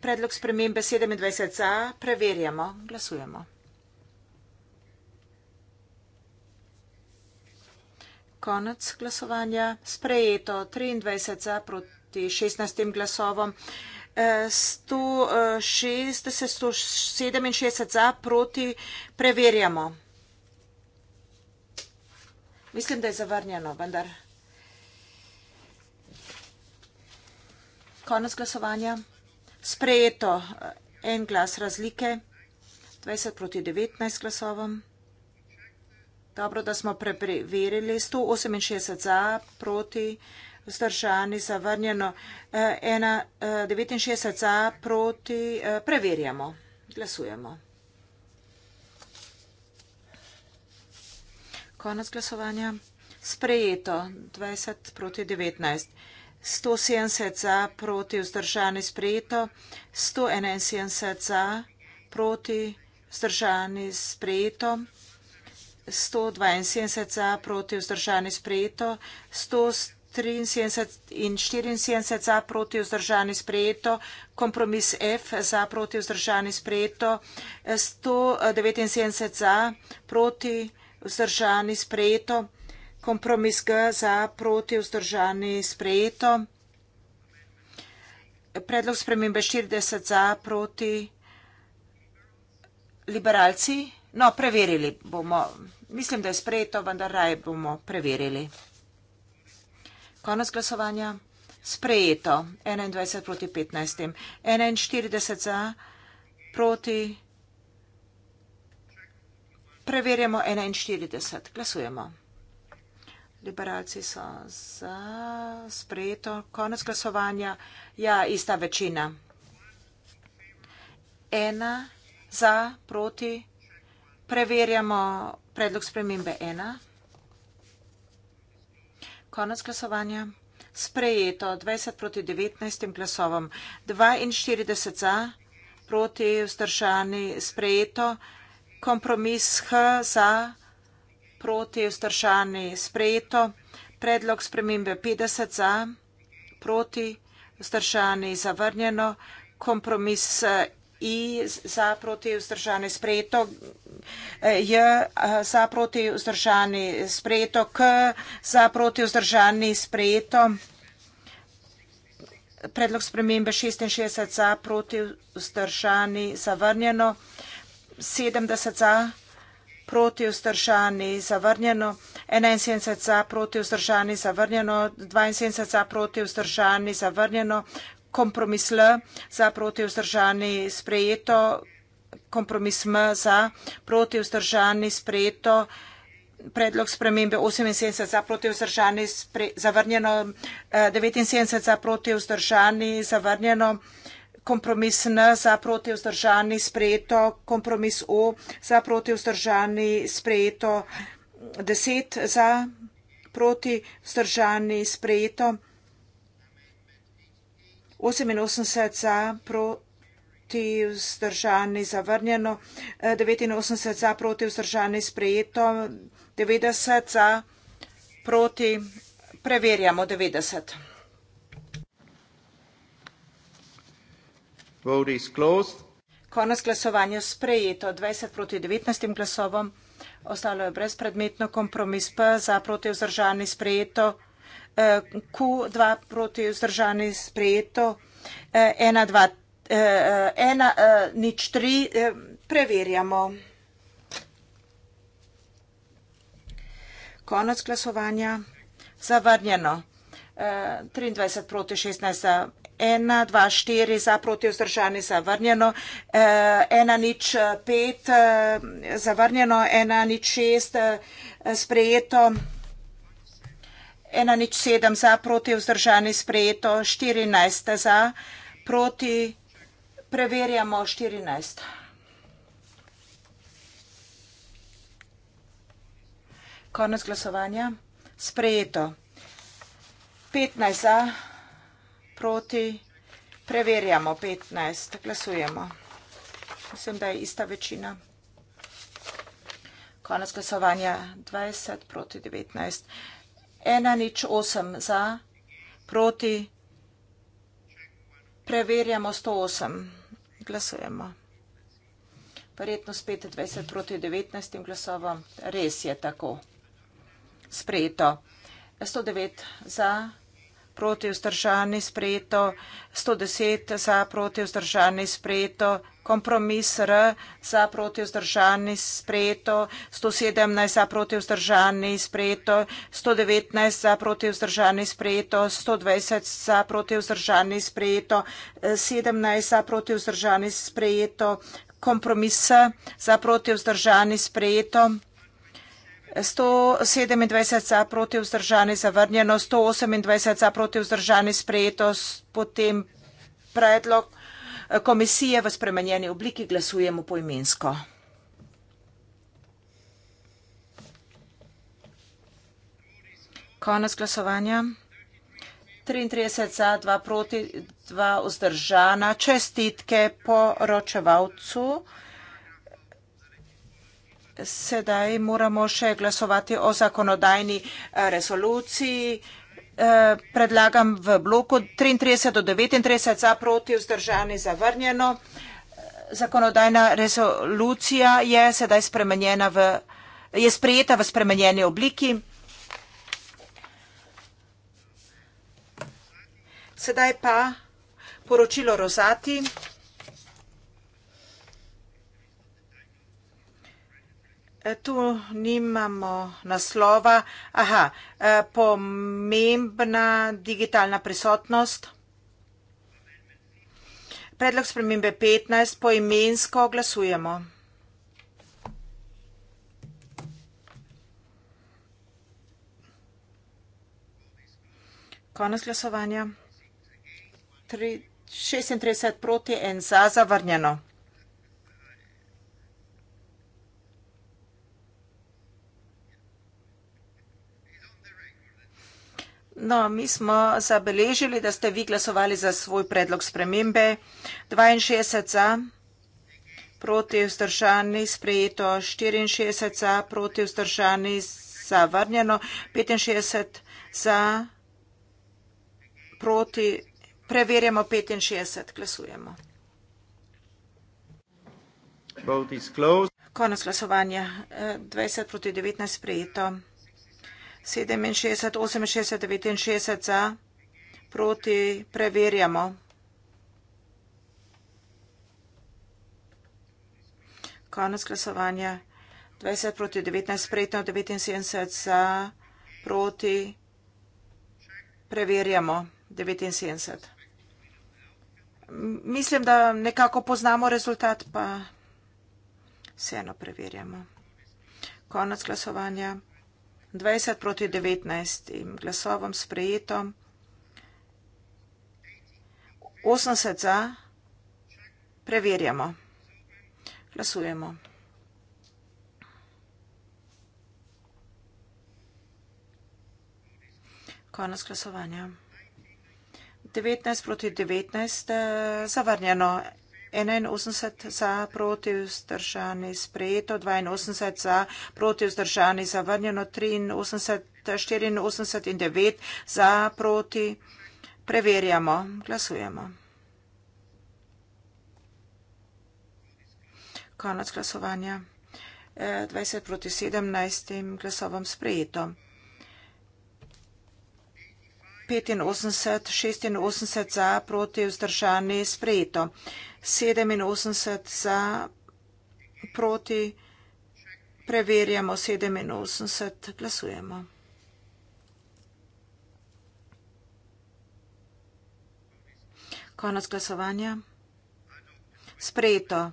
Predlog spremembe 27 za, preverjamo, glasujemo. konec glasovanja. Sprejeto 23 za proti 16 glasovom. 160, e, 167 e, za proti preverjamo. Mislim, da je zavrnjeno, vendar. Konec glasovanja. Sprejeto e, en glas razlike. 20 proti 19 glasovom. Dobro, da smo preverili. 168 za, proti, vzdržani, zavrnjeno. 69 eh, eh, za, proti, eh, preverjamo. Glasujemo. Konec glasovanja. Sprejeto. 20 proti 19. 170 za, proti, vzdržani, sprejeto. 171 za, proti, vzdržani, sprejeto. 172 za, proti vzdržani sprejeto, 173 in 74 za, proti vzdržani sprejeto, kompromis F za, proti vzdržani sprejeto, 179 za, proti vzdržani sprejeto, kompromis G za, proti vzdržani sprejeto, predlog spremembe 40 za, proti liberalci. No, preverili bomo. Mislim, da je sprejeto, vendar raj bomo preverili. Konec glasovanja. Sprejeto. 21 proti 15. 41 za proti. Preverjamo 41. Glasujemo. Liberalci so za sprejeto. Konec glasovanja. Ja, ista večina. Ena za proti. Preverjamo 41 predlog spremembe ena. Konec glasovanja. Sprejeto 20 proti 19 glasovom. 42 za proti vzdržani. Sprejeto kompromis H za proti vzdržani. Sprejeto predlog spremembe 50 za proti vzdržani. Zavrnjeno kompromis i za protivzdržane sprejeto, j za protivzdržane sprejeto, k za protivzdržane sprejeto, predlog spremembe 66 za protivzdržane zavrnjeno, 70 za protivzdržane zavrnjeno, 71 za protivzdržane zavrnjeno, 72 za protivzdržane zavrnjeno, kompromis L za proti vzdržani sprejeto, kompromis M za proti vzdržani sprejeto, predlog spremembe 78 za proti vzdržani zavrnjeno, 79 eh, za proti vzdržani zavrnjeno, kompromis N za proti vzdržani sprejeto, kompromis O za proti vzdržani sprejeto, 10 za proti vzdržani sprejeto. 88 za, proti vzdržani zavrnjeno, 89 za, proti vzdržani sprejeto, 90 za, proti preverjamo 90. Konec glasovanja sprejeto 20 proti 19 glasovom, ostalo je brezpredmetno kompromis P za proti vzdržani sprejeto. Q2 proti vzdržani sprejeto, 1, 2, 1, nič 3, preverjamo. Konec glasovanja, zavrnjeno. 23 proti 16, 1, 2, 4 za proti vzdržani zavrnjeno, 1, nič 5 zavrnjeno, 1, nič 6 sprejeto. 107 za, proti vzdržani sprejeto, 14 za, proti preverjamo 14. Konec glasovanja. Sprejeto. 15 za, proti preverjamo 15. Glasujemo. Mislim, da je ista večina. Konec glasovanja 20 proti 19 ena nič osem za, proti. Preverjamo 108. Glasujemo. Verjetno spet 20 proti 19 glasovom. Res je tako. Sprejeto. 109 za, proti vzdržani sprejeto, 110 za proti vzdržani sprejeto, kompromis R za proti vzdržani sprejeto, 117 za proti vzdržani sprejeto, 119 za proti vzdržani sprejeto, 120 za proti vzdržani sprejeto, 17 za proti vzdržani sprejeto, kompromis za proti vzdržani sprejeto. 127 za proti vzdržani zavrnjeno, 128 za proti vzdržani sprejeto, potem predlog eh, komisije v spremenjeni obliki glasujemo poimensko. Konec glasovanja. 33 za, 2 proti, 2 vzdržana. Čestitke poročevalcu. Sedaj moramo še glasovati o zakonodajni eh, rezoluciji. Eh, predlagam v bloku 33 do 39 za proti vzdržani zavrnjeno. Eh, zakonodajna rezolucija je sedaj spremenjena v, je sprejeta v spremenjeni obliki. Sedaj pa poročilo Rozati. E, tu nimamo naslova. Aha, e, pomembna digitalna prisotnost. Predlog spremembe 15, poimensko glasujemo. Konec glasovanja. 36 proti, en za, zavrnjeno. No, mi smo zabeležili, da ste vi glasovali za svoj predlog spremembe. 62 za, proti vzdržani, sprejeto 64 za, proti vzdržani, zavrnjeno 65 za, proti, preverjamo 65, glasujemo. Konec glasovanja. 20 eh, proti 19 sprejeto. 67, 68, 69 za, proti preverjamo. Konec glasovanja. 20 proti 19, sprejetno 79 za, proti preverjamo. 79. Mislim, da nekako poznamo rezultat, pa vseeno preverjamo. Konec glasovanja. 20 proti 19 glasovom sprejeto, 80 za, preverjamo, glasujemo. Konec glasovanja. 19 proti 19 eh, zavrnjeno, 81 za, proti vzdržani, sprejeto, 82 za, proti vzdržani, zavrnjeno, 83, 84 in 9 za, proti. Preverjamo, glasujemo. Konec glasovanja. 20 eh, proti 17 glasovam sprejeto. 85, 86 za, proti vzdržani sprejeto. 87 za, proti preverjamo 87, glasujemo. Konec glasovanja. Sprejeto.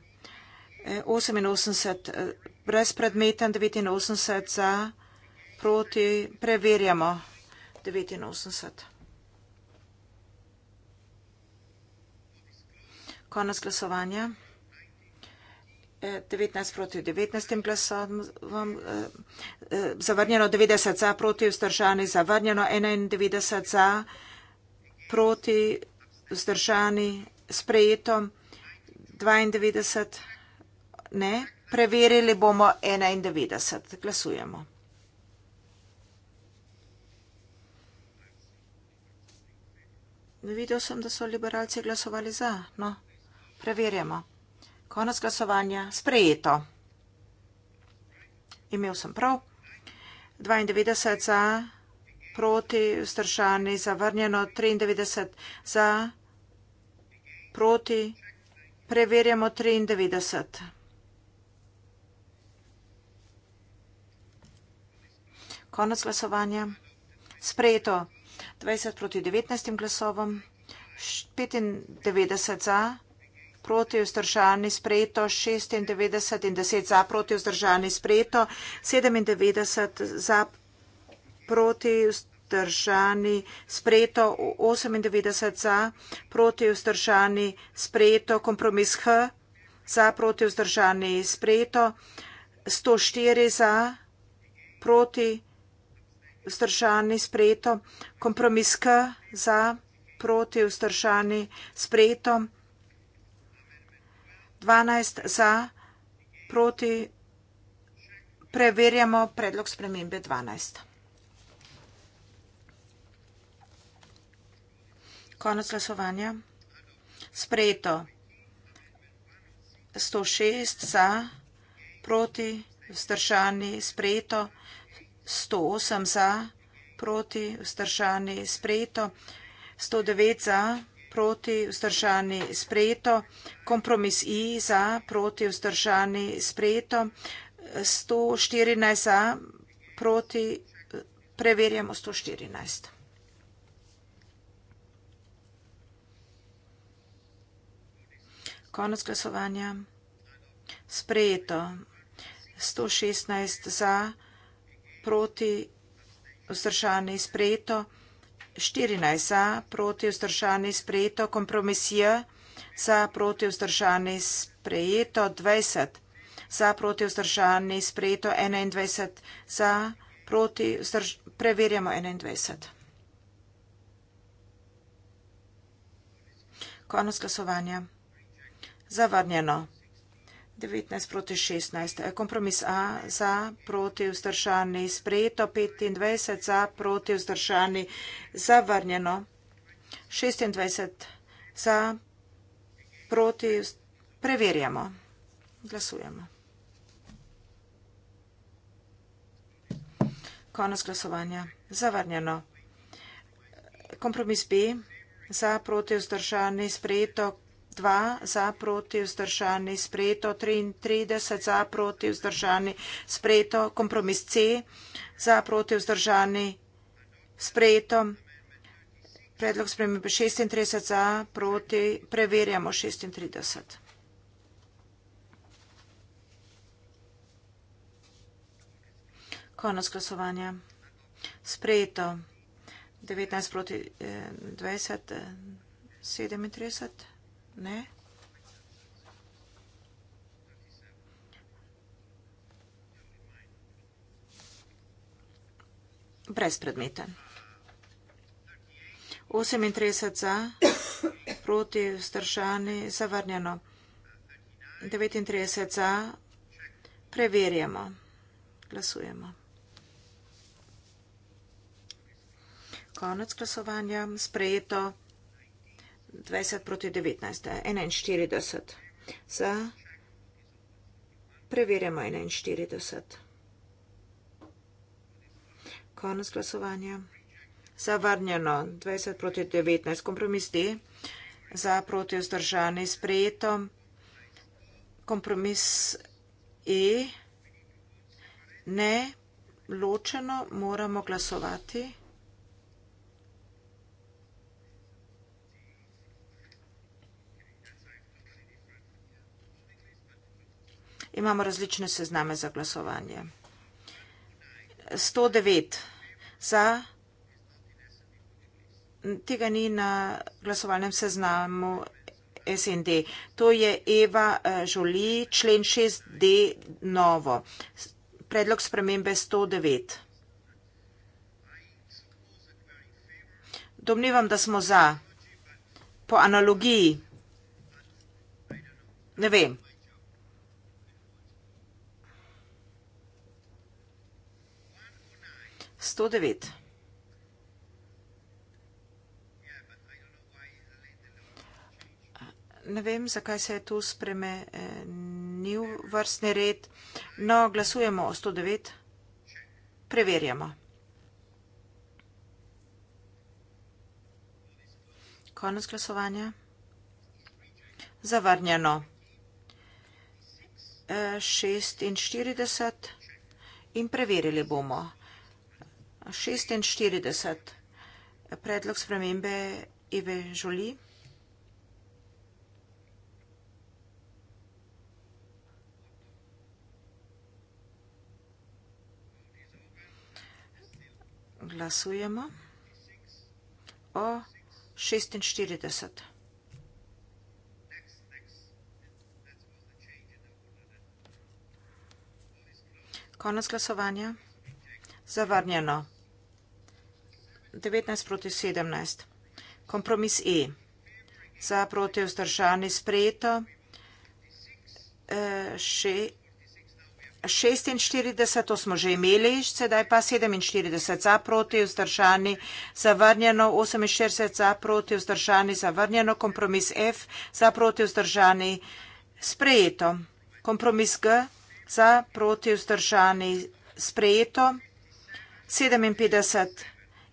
88 brezpredmeten, 89 za, proti preverjamo. 89. Konec glasovanja. 19 e, proti 19 glasovam. E, e, zavrnjeno 90 za, proti vzdržani, zavrnjeno 91 za, proti vzdržani, sprejeto 92 ne. Preverili bomo 91. Glasujemo. Videl sem, da so liberalci glasovali za. No, preverjamo. Konec glasovanja. Sprejeto. Imel sem prav. 92 za, proti, vzdržani, zavrnjeno. 93 za, proti. Preverjamo 93. Konec glasovanja. Sprejeto. 20 proti 19 glasovom, 95 za, proti vzdržani sprejeto, 96 in 10 za, proti vzdržani sprejeto, 97 za, proti vzdržani sprejeto, 98 za, proti vzdržani sprejeto, kompromis H za, proti vzdržani sprejeto, 104 za, proti vzdržani sprejeto vzdržani sprejeto, kompromis K za proti vzdržani sprejeto, 12 za proti preverjamo predlog spremembe 12. Konec glasovanja. Sprejeto 106 za proti vzdržani sprejeto 108 za, proti vzdržani sprejeto, 109 za, proti vzdržani sprejeto, kompromis I za, proti vzdržani sprejeto, 114 za, proti, preverjamo 114. Konec glasovanja. Sprejeto. 116 za, proti vzdržani sprejeto, 14 za proti vzdržani sprejeto, kompromisija za proti vzdržani sprejeto, 20 za proti vzdržani sprejeto, 21 za proti vzdržani, preverjamo 21. Konec glasovanja. Zavrnjeno. 19 proti 16. Kompromis A za proti vzdržani sprejeto, 25 za proti vzdržani zavrnjeno, 26 za proti preverjamo. Glasujemo. Konec glasovanja. Zavrnjeno. Kompromis B za proti vzdržani sprejeto, 2 za proti vzdržani, sprejeto 33 za proti vzdržani, sprejeto kompromis C za proti vzdržani, sprejeto predlog spremembe 36 za proti, preverjamo 36. Konec glasovanja. Sprejeto 19 proti 20, eh, 37 ne? Brezpredmeten. 38 za, proti, vstršani, zavrnjeno. 39 za, preverjamo, glasujemo. Konec glasovanja, sprejeto. 20 proti 19, 41. Za preverjamo 41. Konec glasovanja. Zavrnjeno 20 proti 19. Kompromis D. Za proti vzdržani sprejeto. Kompromis E. Ne. Ločeno moramo glasovati. imamo različne sezname za glasovanje. 109 za, tega ni na glasovalnem seznamu SND. To je Eva eh, Žoli, člen 6D novo. Predlog spremembe 109. Domnevam, da smo za. Po analogiji, ne vem, 109. Ne vem, zakaj se je tu spremenil vrstni red. No, glasujemo o 109. Preverjamo. Konec glasovanja. Zavrnjeno. 46 in preverili bomo. 46. Predlog spremembe Eve Žoli. Glasujemo o 46. Konec glasovanja. Zavrnjeno. 19 proti 17. Kompromis E. Za proti vzdržani sprejeto. 46 e, smo že imeli, sedaj pa 47 za proti vzdržani zavrnjeno, 48 za proti vzdržani zavrnjeno, kompromis F za proti vzdržani sprejeto. Kompromis G za proti vzdržani sprejeto. 57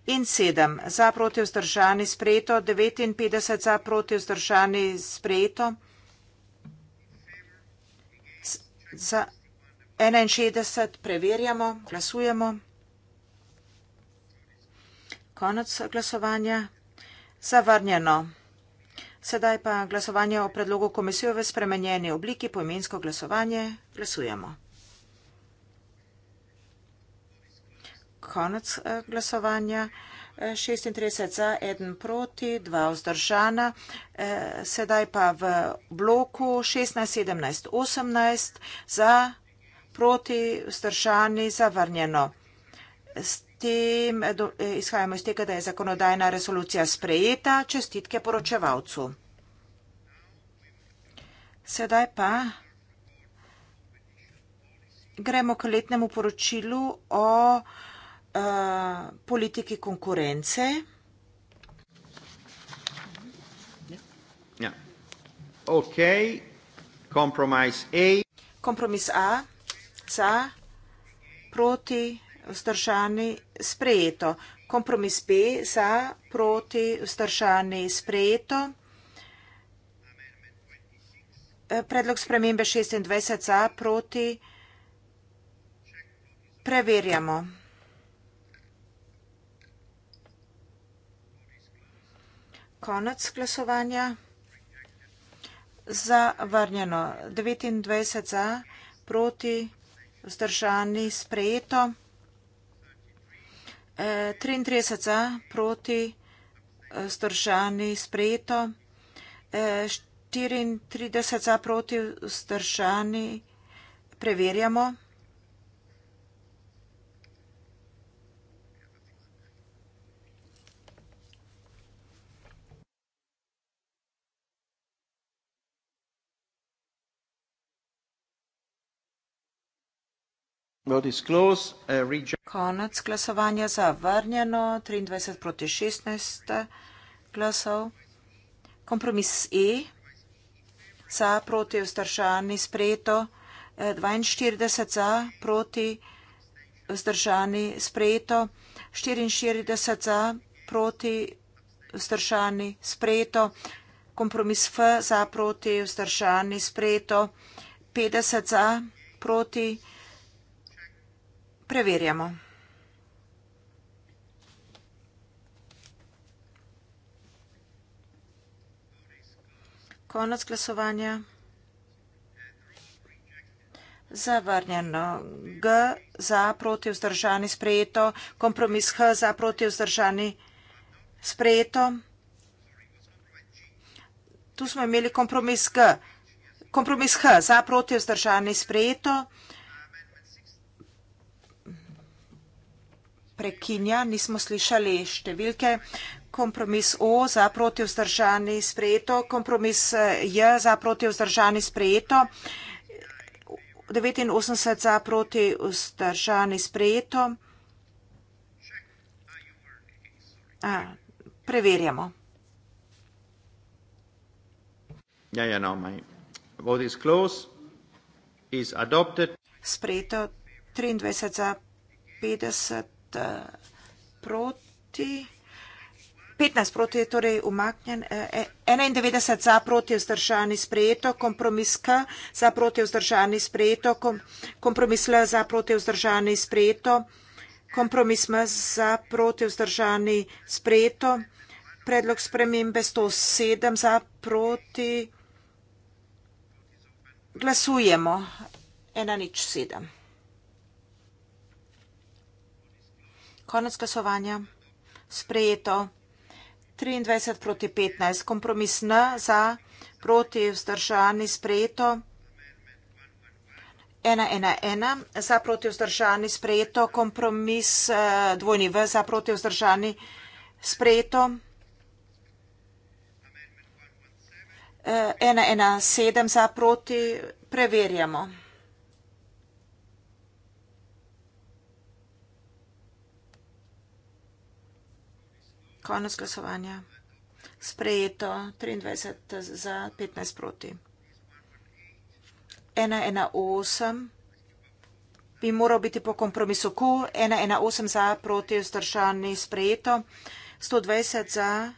in 7 za proti vzdržani sprejeto, 59 za proti vzdržani sprejeto, 61 preverjamo, glasujemo. Konec glasovanja. Zavrnjeno. Sedaj pa glasovanje o predlogu komisijo v spremenjeni obliki, poimensko glasovanje. Glasujemo. konec eh, glasovanja. 36 eh, za, 1 proti, 2 vzdržana. Eh, sedaj pa v bloku 16, 17, 18 za, proti, vzdržani, zavrnjeno. S tem izhajamo iz tega, da je zakonodajna resolucija sprejeta. Čestitke poročevalcu. Sedaj pa gremo k letnemu poročilu o Eh, politiki konkurence. Ja. Okay. Compromise A. Kompromis A. Za. Proti. Vzdržani. Sprejeto. Kompromis B. Za. Proti. Vzdržani. Sprejeto. Eh, predlog spremembe 26. Za. Proti. Preverjamo. konec glasovanja. Za vrnjeno 29 za, proti vzdržani sprejeto, 33 e, za, proti vzdržani sprejeto, 34 e, za, proti vzdržani preverjamo. Uh, Konec glasovanja zavrnjeno, 23 proti 16 glasov. Kompromis E, za proti vzdržani sprejeto, 42 eh, za proti vzdržani sprejeto, 44 za proti vzdržani sprejeto, kompromis F za proti vzdržani sprejeto, 50 za proti vzdržani sprejeto preverjamo. Konec glasovanja. Zavrnjeno. G za proti vzdržani sprejeto. Kompromis H za proti vzdržani sprejeto. Tu smo imeli kompromis G. Kompromis H za proti vzdržani sprejeto. Kompromis H za proti vzdržani sprejeto. prekinja, nismo slišali številke. Kompromis O za proti vzdržani sprejeto, kompromis J za proti vzdržani sprejeto, 89 za proti vzdržani sprejeto. A, preverjamo. Ja, ja, no, my vote is close, is adopted. Sprejeto 23 za 50. Eh, proti. 15 proti je torej umaknjen, 91 eh, e, za proti je vzdržani sprejeto, kompromis K za proti je vzdržani sprejeto, kompromis L za proti je vzdržani sprejeto, kompromis M za proti je vzdržani sprejeto, predlog spremembe 107 za proti. Glasujemo 1 nič 7. Konec glasovanja. Sprejeto. 23 proti 15. Kompromis N za proti vzdržani sprejeto. 111 za proti vzdržani sprejeto. Kompromis eh, dvojni V za proti vzdržani sprejeto. 117 eh, za proti preverjamo. Konec glasovanja. Sprejeto 23 za 15 proti. 118 bi moral biti po kompromisu Q. 118 za proti vzdržani sprejeto. 120 za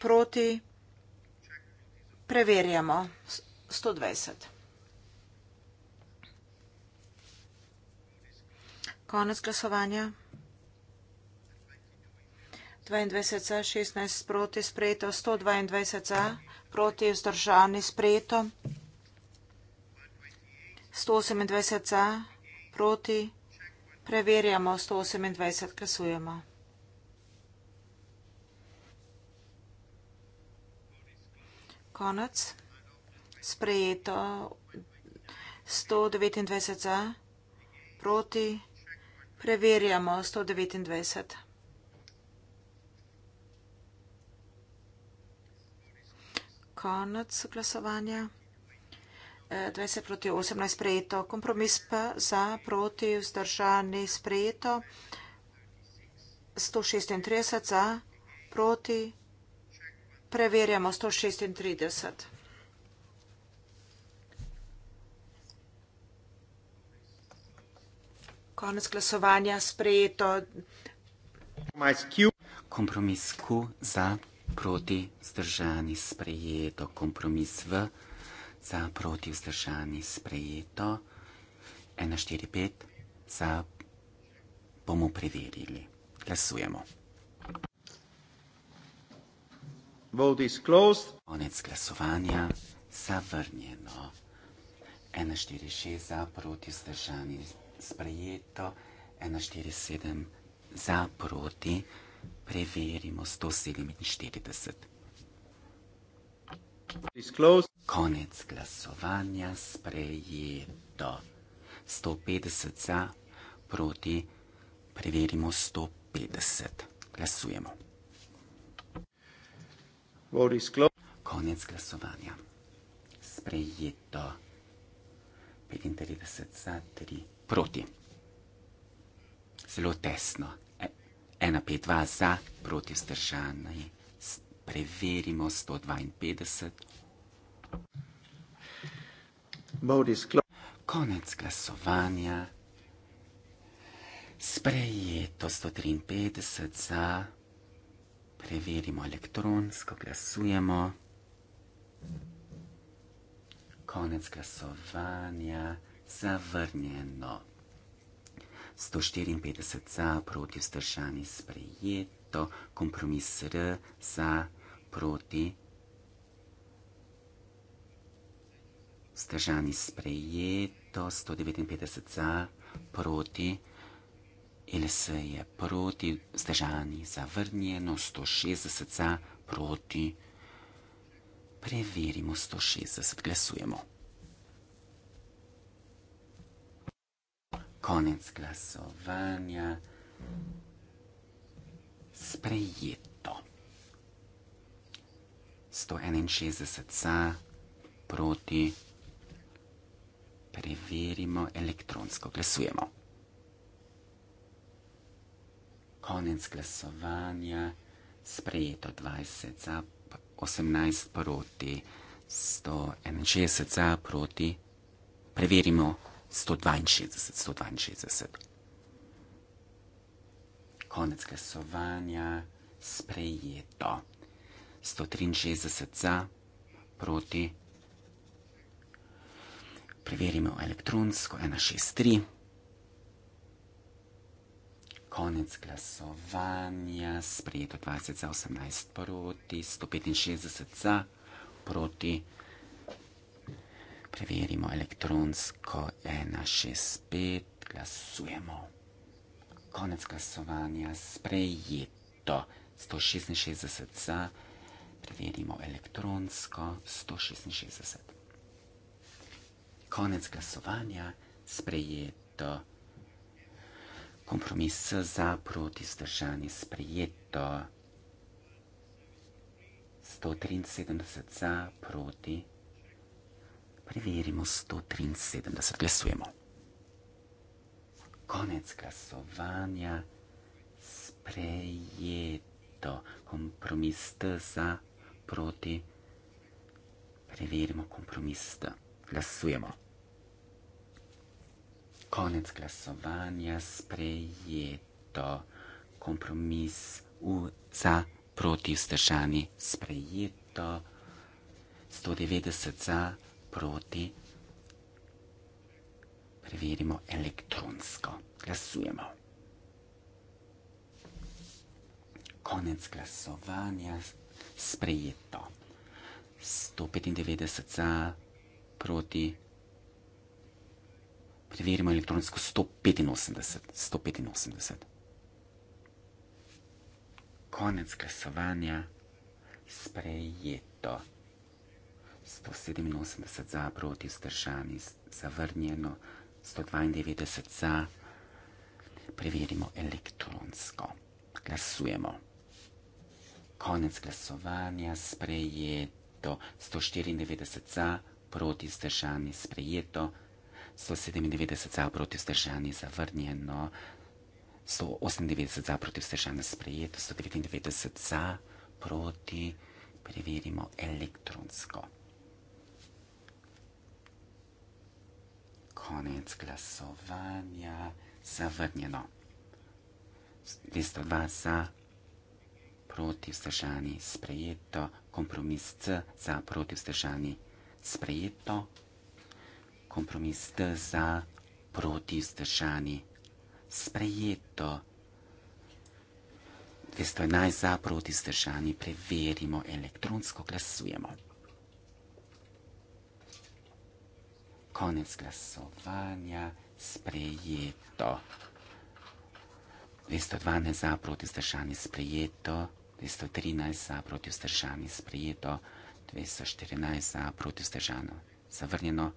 proti. Preverjamo. 120. Konec glasovanja. 22 za, 16 proti sprejeto, 122 za, proti vzdržani sprejeto, 128 za, proti preverjamo, 128 glasujemo. Konec. Sprejeto 129 za, proti preverjamo 129. konec glasovanja. 20 e, proti 18 sprejeto. Kompromis pa za proti vzdržani sprejeto. 136 za proti. Preverjamo 136. Konec glasovanja sprejeto. Kompromis Q za proti vzdržani sprejeto, kompromis v za proti vzdržani sprejeto, 145 za bomo preverili. Glasujemo. Vote is closed. Konec glasovanja zavrnjeno. 146 za proti vzdržani sprejeto, 147 za proti vzdržani sprejeto preverimo 147. Disclose. Konec glasovanja sprejeto. 150 za, proti, preverimo 150. Glasujemo. Konec glasovanja. Sprejeto. 35 za, 3 proti. Zelo tesno ena, pet, dva, za, proti, vzdržani. Preverimo 152. Konec glasovanja. Sprejeto 153 za. Preverimo elektronsko, glasujemo. Konec glasovanja, zavrnjeno. 154 za, proti vzdržani sprejeto, kompromis R za, proti vzdržani sprejeto, 159 za, proti LS je proti, vzdržani zavrnjeno, 160 za, proti. Preverimo 160, glasujemo. konec glasovanja sprejeto. 161 za proti. Preverimo elektronsko. Glasujemo. Konec glasovanja sprejeto 20 za 18 proti 161 za proti. Preverimo elektronsko. 162, 162. Konec glasovanja, sprejeto. 163 za, proti. Preverimo elektronsko, 163. Konec glasovanja, sprejeto 20 za 18 proti, 165 za proti. Preverimo elektronsko 165, glasujemo. Konec glasovanja, sprejeto 166 za, preverimo elektronsko 166. Konec glasovanja, sprejeto. Kompromis za proti zdržanje sprejeto. 173 za proti zdržanje. Preverimo 173, glasujemo. Konec glasovanja, sprejeto, kompromis T za, proti. Preverimo kompromis T, glasujemo. Konec glasovanja, sprejeto, kompromis U za, proti, vzdržani, sprejeto. 190 za, proti. Preverimo elektronsko. Glasujemo. Konec glasovanja. Sprejeto. 195 za proti. Preverimo elektronsko 185. 185. Konec glasovanja. Sprejeto. 187 za proti vzdržani zavrnjeno, 192 za. Preverimo elektronsko. Glasujemo. Konec glasovanja, sprejeto, 194 za proti vzdržani sprejeto, 197 za proti vzdržani zavrnjeno, 198 za proti vzdržani sprejeto, 199 za proti. Preverimo elektronsko. konec glasovanja. Zavrnjeno. 202 za, proti vzdržani sprejeto, kompromis C za proti vzdržani sprejeto, kompromis D za proti vzdržani sprejeto. 211 za proti vzdržani, preverimo elektronsko, glasujemo. konec glasovanja, sprejeto. 212 za proti vzdržani sprejeto, 213 za proti vzdržani sprejeto, 214 za proti vzdržano zavrnjeno.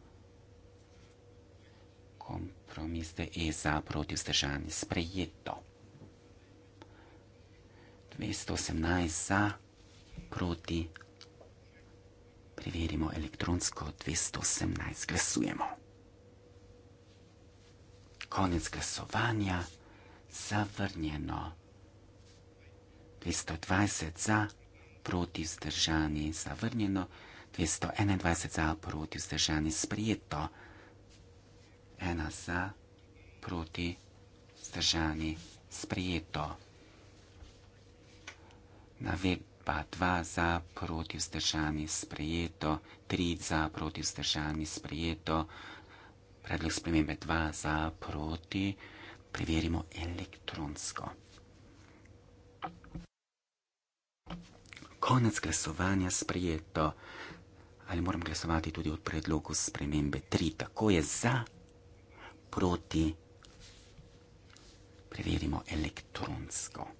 Kompromis DE za proti vzdržani sprejeto. 218 za proti vzdržani sprejeto. Preverimo elektronsko 218. Glasujemo. Konec glasovanja. Zavrnjeno. 220 za, proti vzdržani. Zavrnjeno. 221 za, proti vzdržani. Sprijeto. 1 za, proti vzdržani. Sprijeto. Navedo pa 2 za proti vzdržani sprejeto, 3 za proti vzdržani sprejeto, predlog spremembe 2 za proti, preverimo elektronsko. Konec glasovanja sprejeto. Ali moram glasovati tudi o predlogu spremembe 3? Tako je za, proti. Preverimo elektronsko.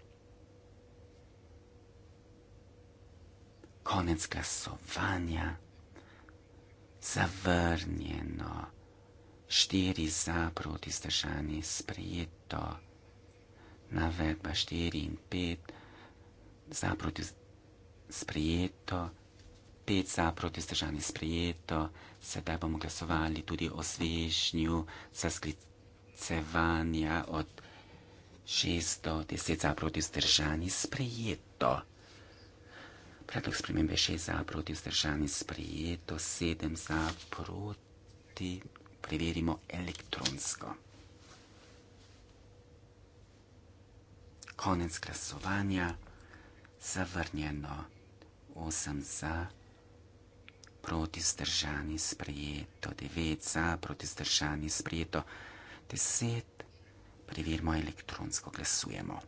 konec glasovanja, zavrnjeno, štiri za proti zdržani, sprejeto, navedba štiri in pet, za proti sprejeto, pet za proti zdržani, sprejeto, sedaj bomo glasovali tudi o svešnju za sklicevanja od 6 do 10 za proti zdržani, sprejeto. Predlog spremembe je šest za, proti vzdržani sprijeto, sedem za, proti. Preverimo elektronsko. Konec glasovanja, zavrnjeno, osem za, proti vzdržani sprijeto, devet za, proti vzdržani sprijeto, deset. Preverimo elektronsko glasujemo.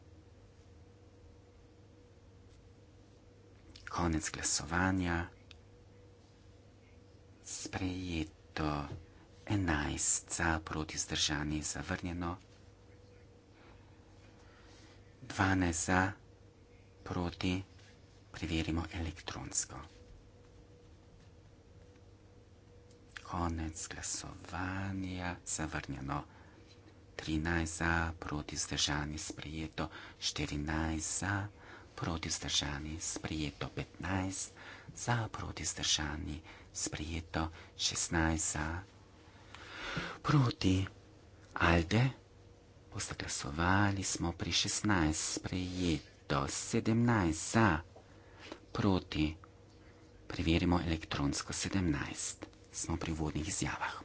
konec glasovanja sprejeto 11 za proti zdržanje zavrnjeno, 12 za proti preverimo elektronsko. Konec glasovanja zavrnjeno. 13 za proti zdržanje sprejeto, 14 za proti zdržanje zavrnjeno proti zdržani sprijeto 15, za proti zdržani sprijeto 16, za proti alde boste glasovali smo pri 16, sprijeto 17, za proti, preverimo elektronsko 17, smo pri vodnih izjavah.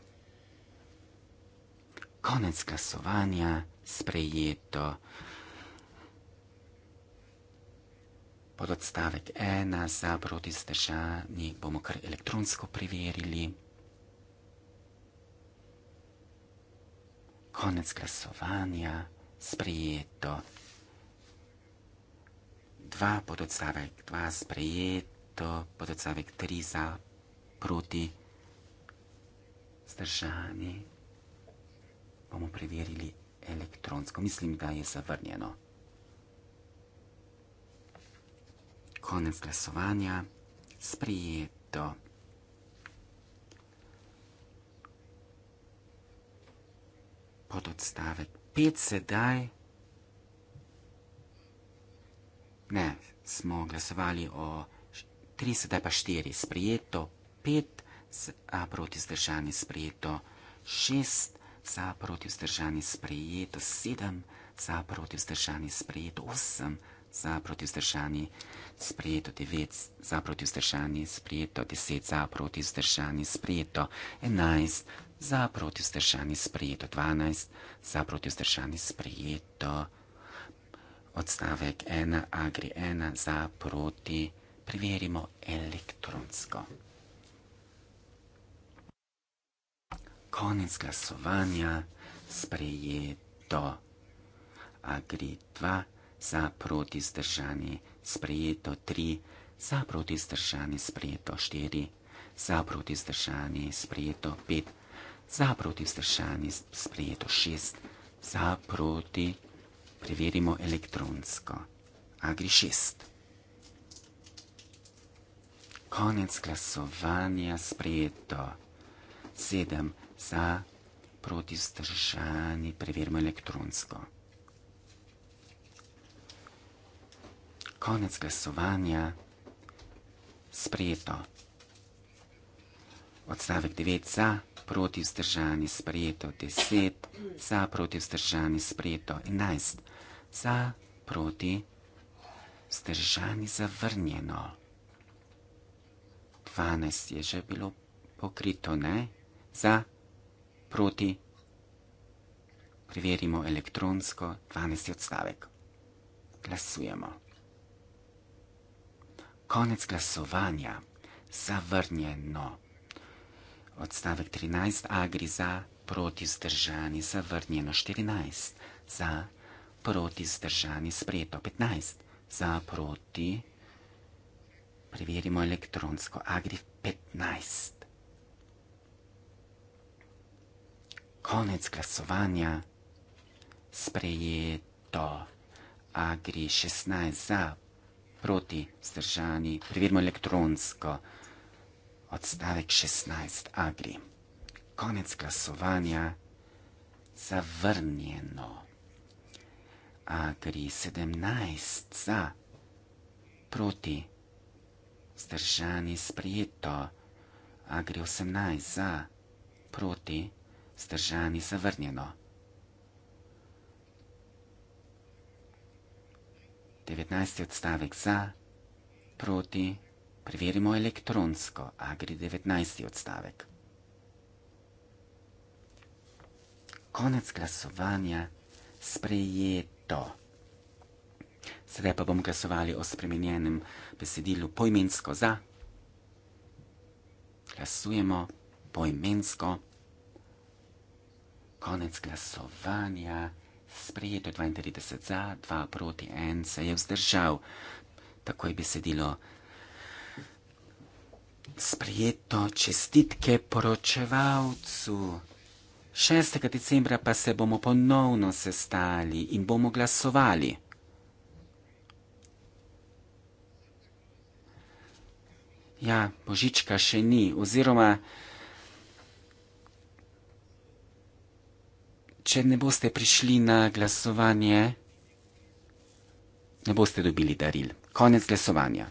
Konec glasovanja, sprejeto 17. pod odstavek ena za proti zdržani bomo kar elektronsko preverili. Konec glasovanja, sprejeto. Dva pod odstavek dva, sprejeto, pod odstavek tri za proti zdržani. Bomo preverili elektronsko, mislim, da je zavrnjeno. konec glasovanja sprijeto. Pod odstavek 5 sedaj. Ne, smo glasovali o 3, sedaj pa 4. Sprijeto 5, a proti zdržani sprijeto 6, za proti zdržani sprijeto 7, za proti zdržani sprijeto 8 za proti vzdržani, sprejeto devet za proti vzdržani, sprejeto deset za proti vzdržani, sprejeto enajst za proti vzdržani, sprejeto dvanajst za proti vzdržani, sprejeto odstavek ena, agri ena za proti, preverimo elektronsko. Konec glasovanja, sprejeto agri dva za proti zdržani sprejeto tri, za proti zdržani sprejeto štiri, za proti zdržani sprejeto pet, za proti zdržani sprejeto šest, za proti preverimo elektronsko. Agri šest. Konec glasovanja sprejeto. Sedem za proti zdržani preverimo elektronsko. konec glasovanja sprejeto. Odstavek 9 za, proti vzdržani sprejeto 10, za, proti vzdržani sprejeto 11, za, proti vzdržani zavrnjeno. 12 je že bilo pokrito, ne? Za, proti, preverimo elektronsko, 12 je odstavek. Glasujemo konec glasovanja zavrnjeno. Odstavek 13, agri za, proti zdržani, zavrnjeno 14, za, proti zdržani, sprejeto 15, za, proti, preverimo elektronsko, agri 15. Konec glasovanja, sprejeto, agri 16, za, proti zdržani, preverimo elektronsko. Odstavek 16, agri. Konec glasovanja, zavrnjeno. Agri 17, za, proti zdržani, sprijeto. Agri 18, za, proti zdržani, zavrnjeno. 19. odstavek za, proti, preverimo elektronsko, agri 19. odstavek. Konec glasovanja sprejeto. Sedaj pa bom glasovali o spremenjenem besedilu poimensko za. Glasujemo poimensko. Konec glasovanja sprejeto 32 za, 2 proti 1 se je vzdržal. Tako je besedilo sprejeto čestitke poročevalcu. 6. decembra pa se bomo ponovno sestali in bomo glasovali. Ja, božička še ni, oziroma. če ne boste prišli na glasovanje, ne boste dobili daril. Konec glasovanja.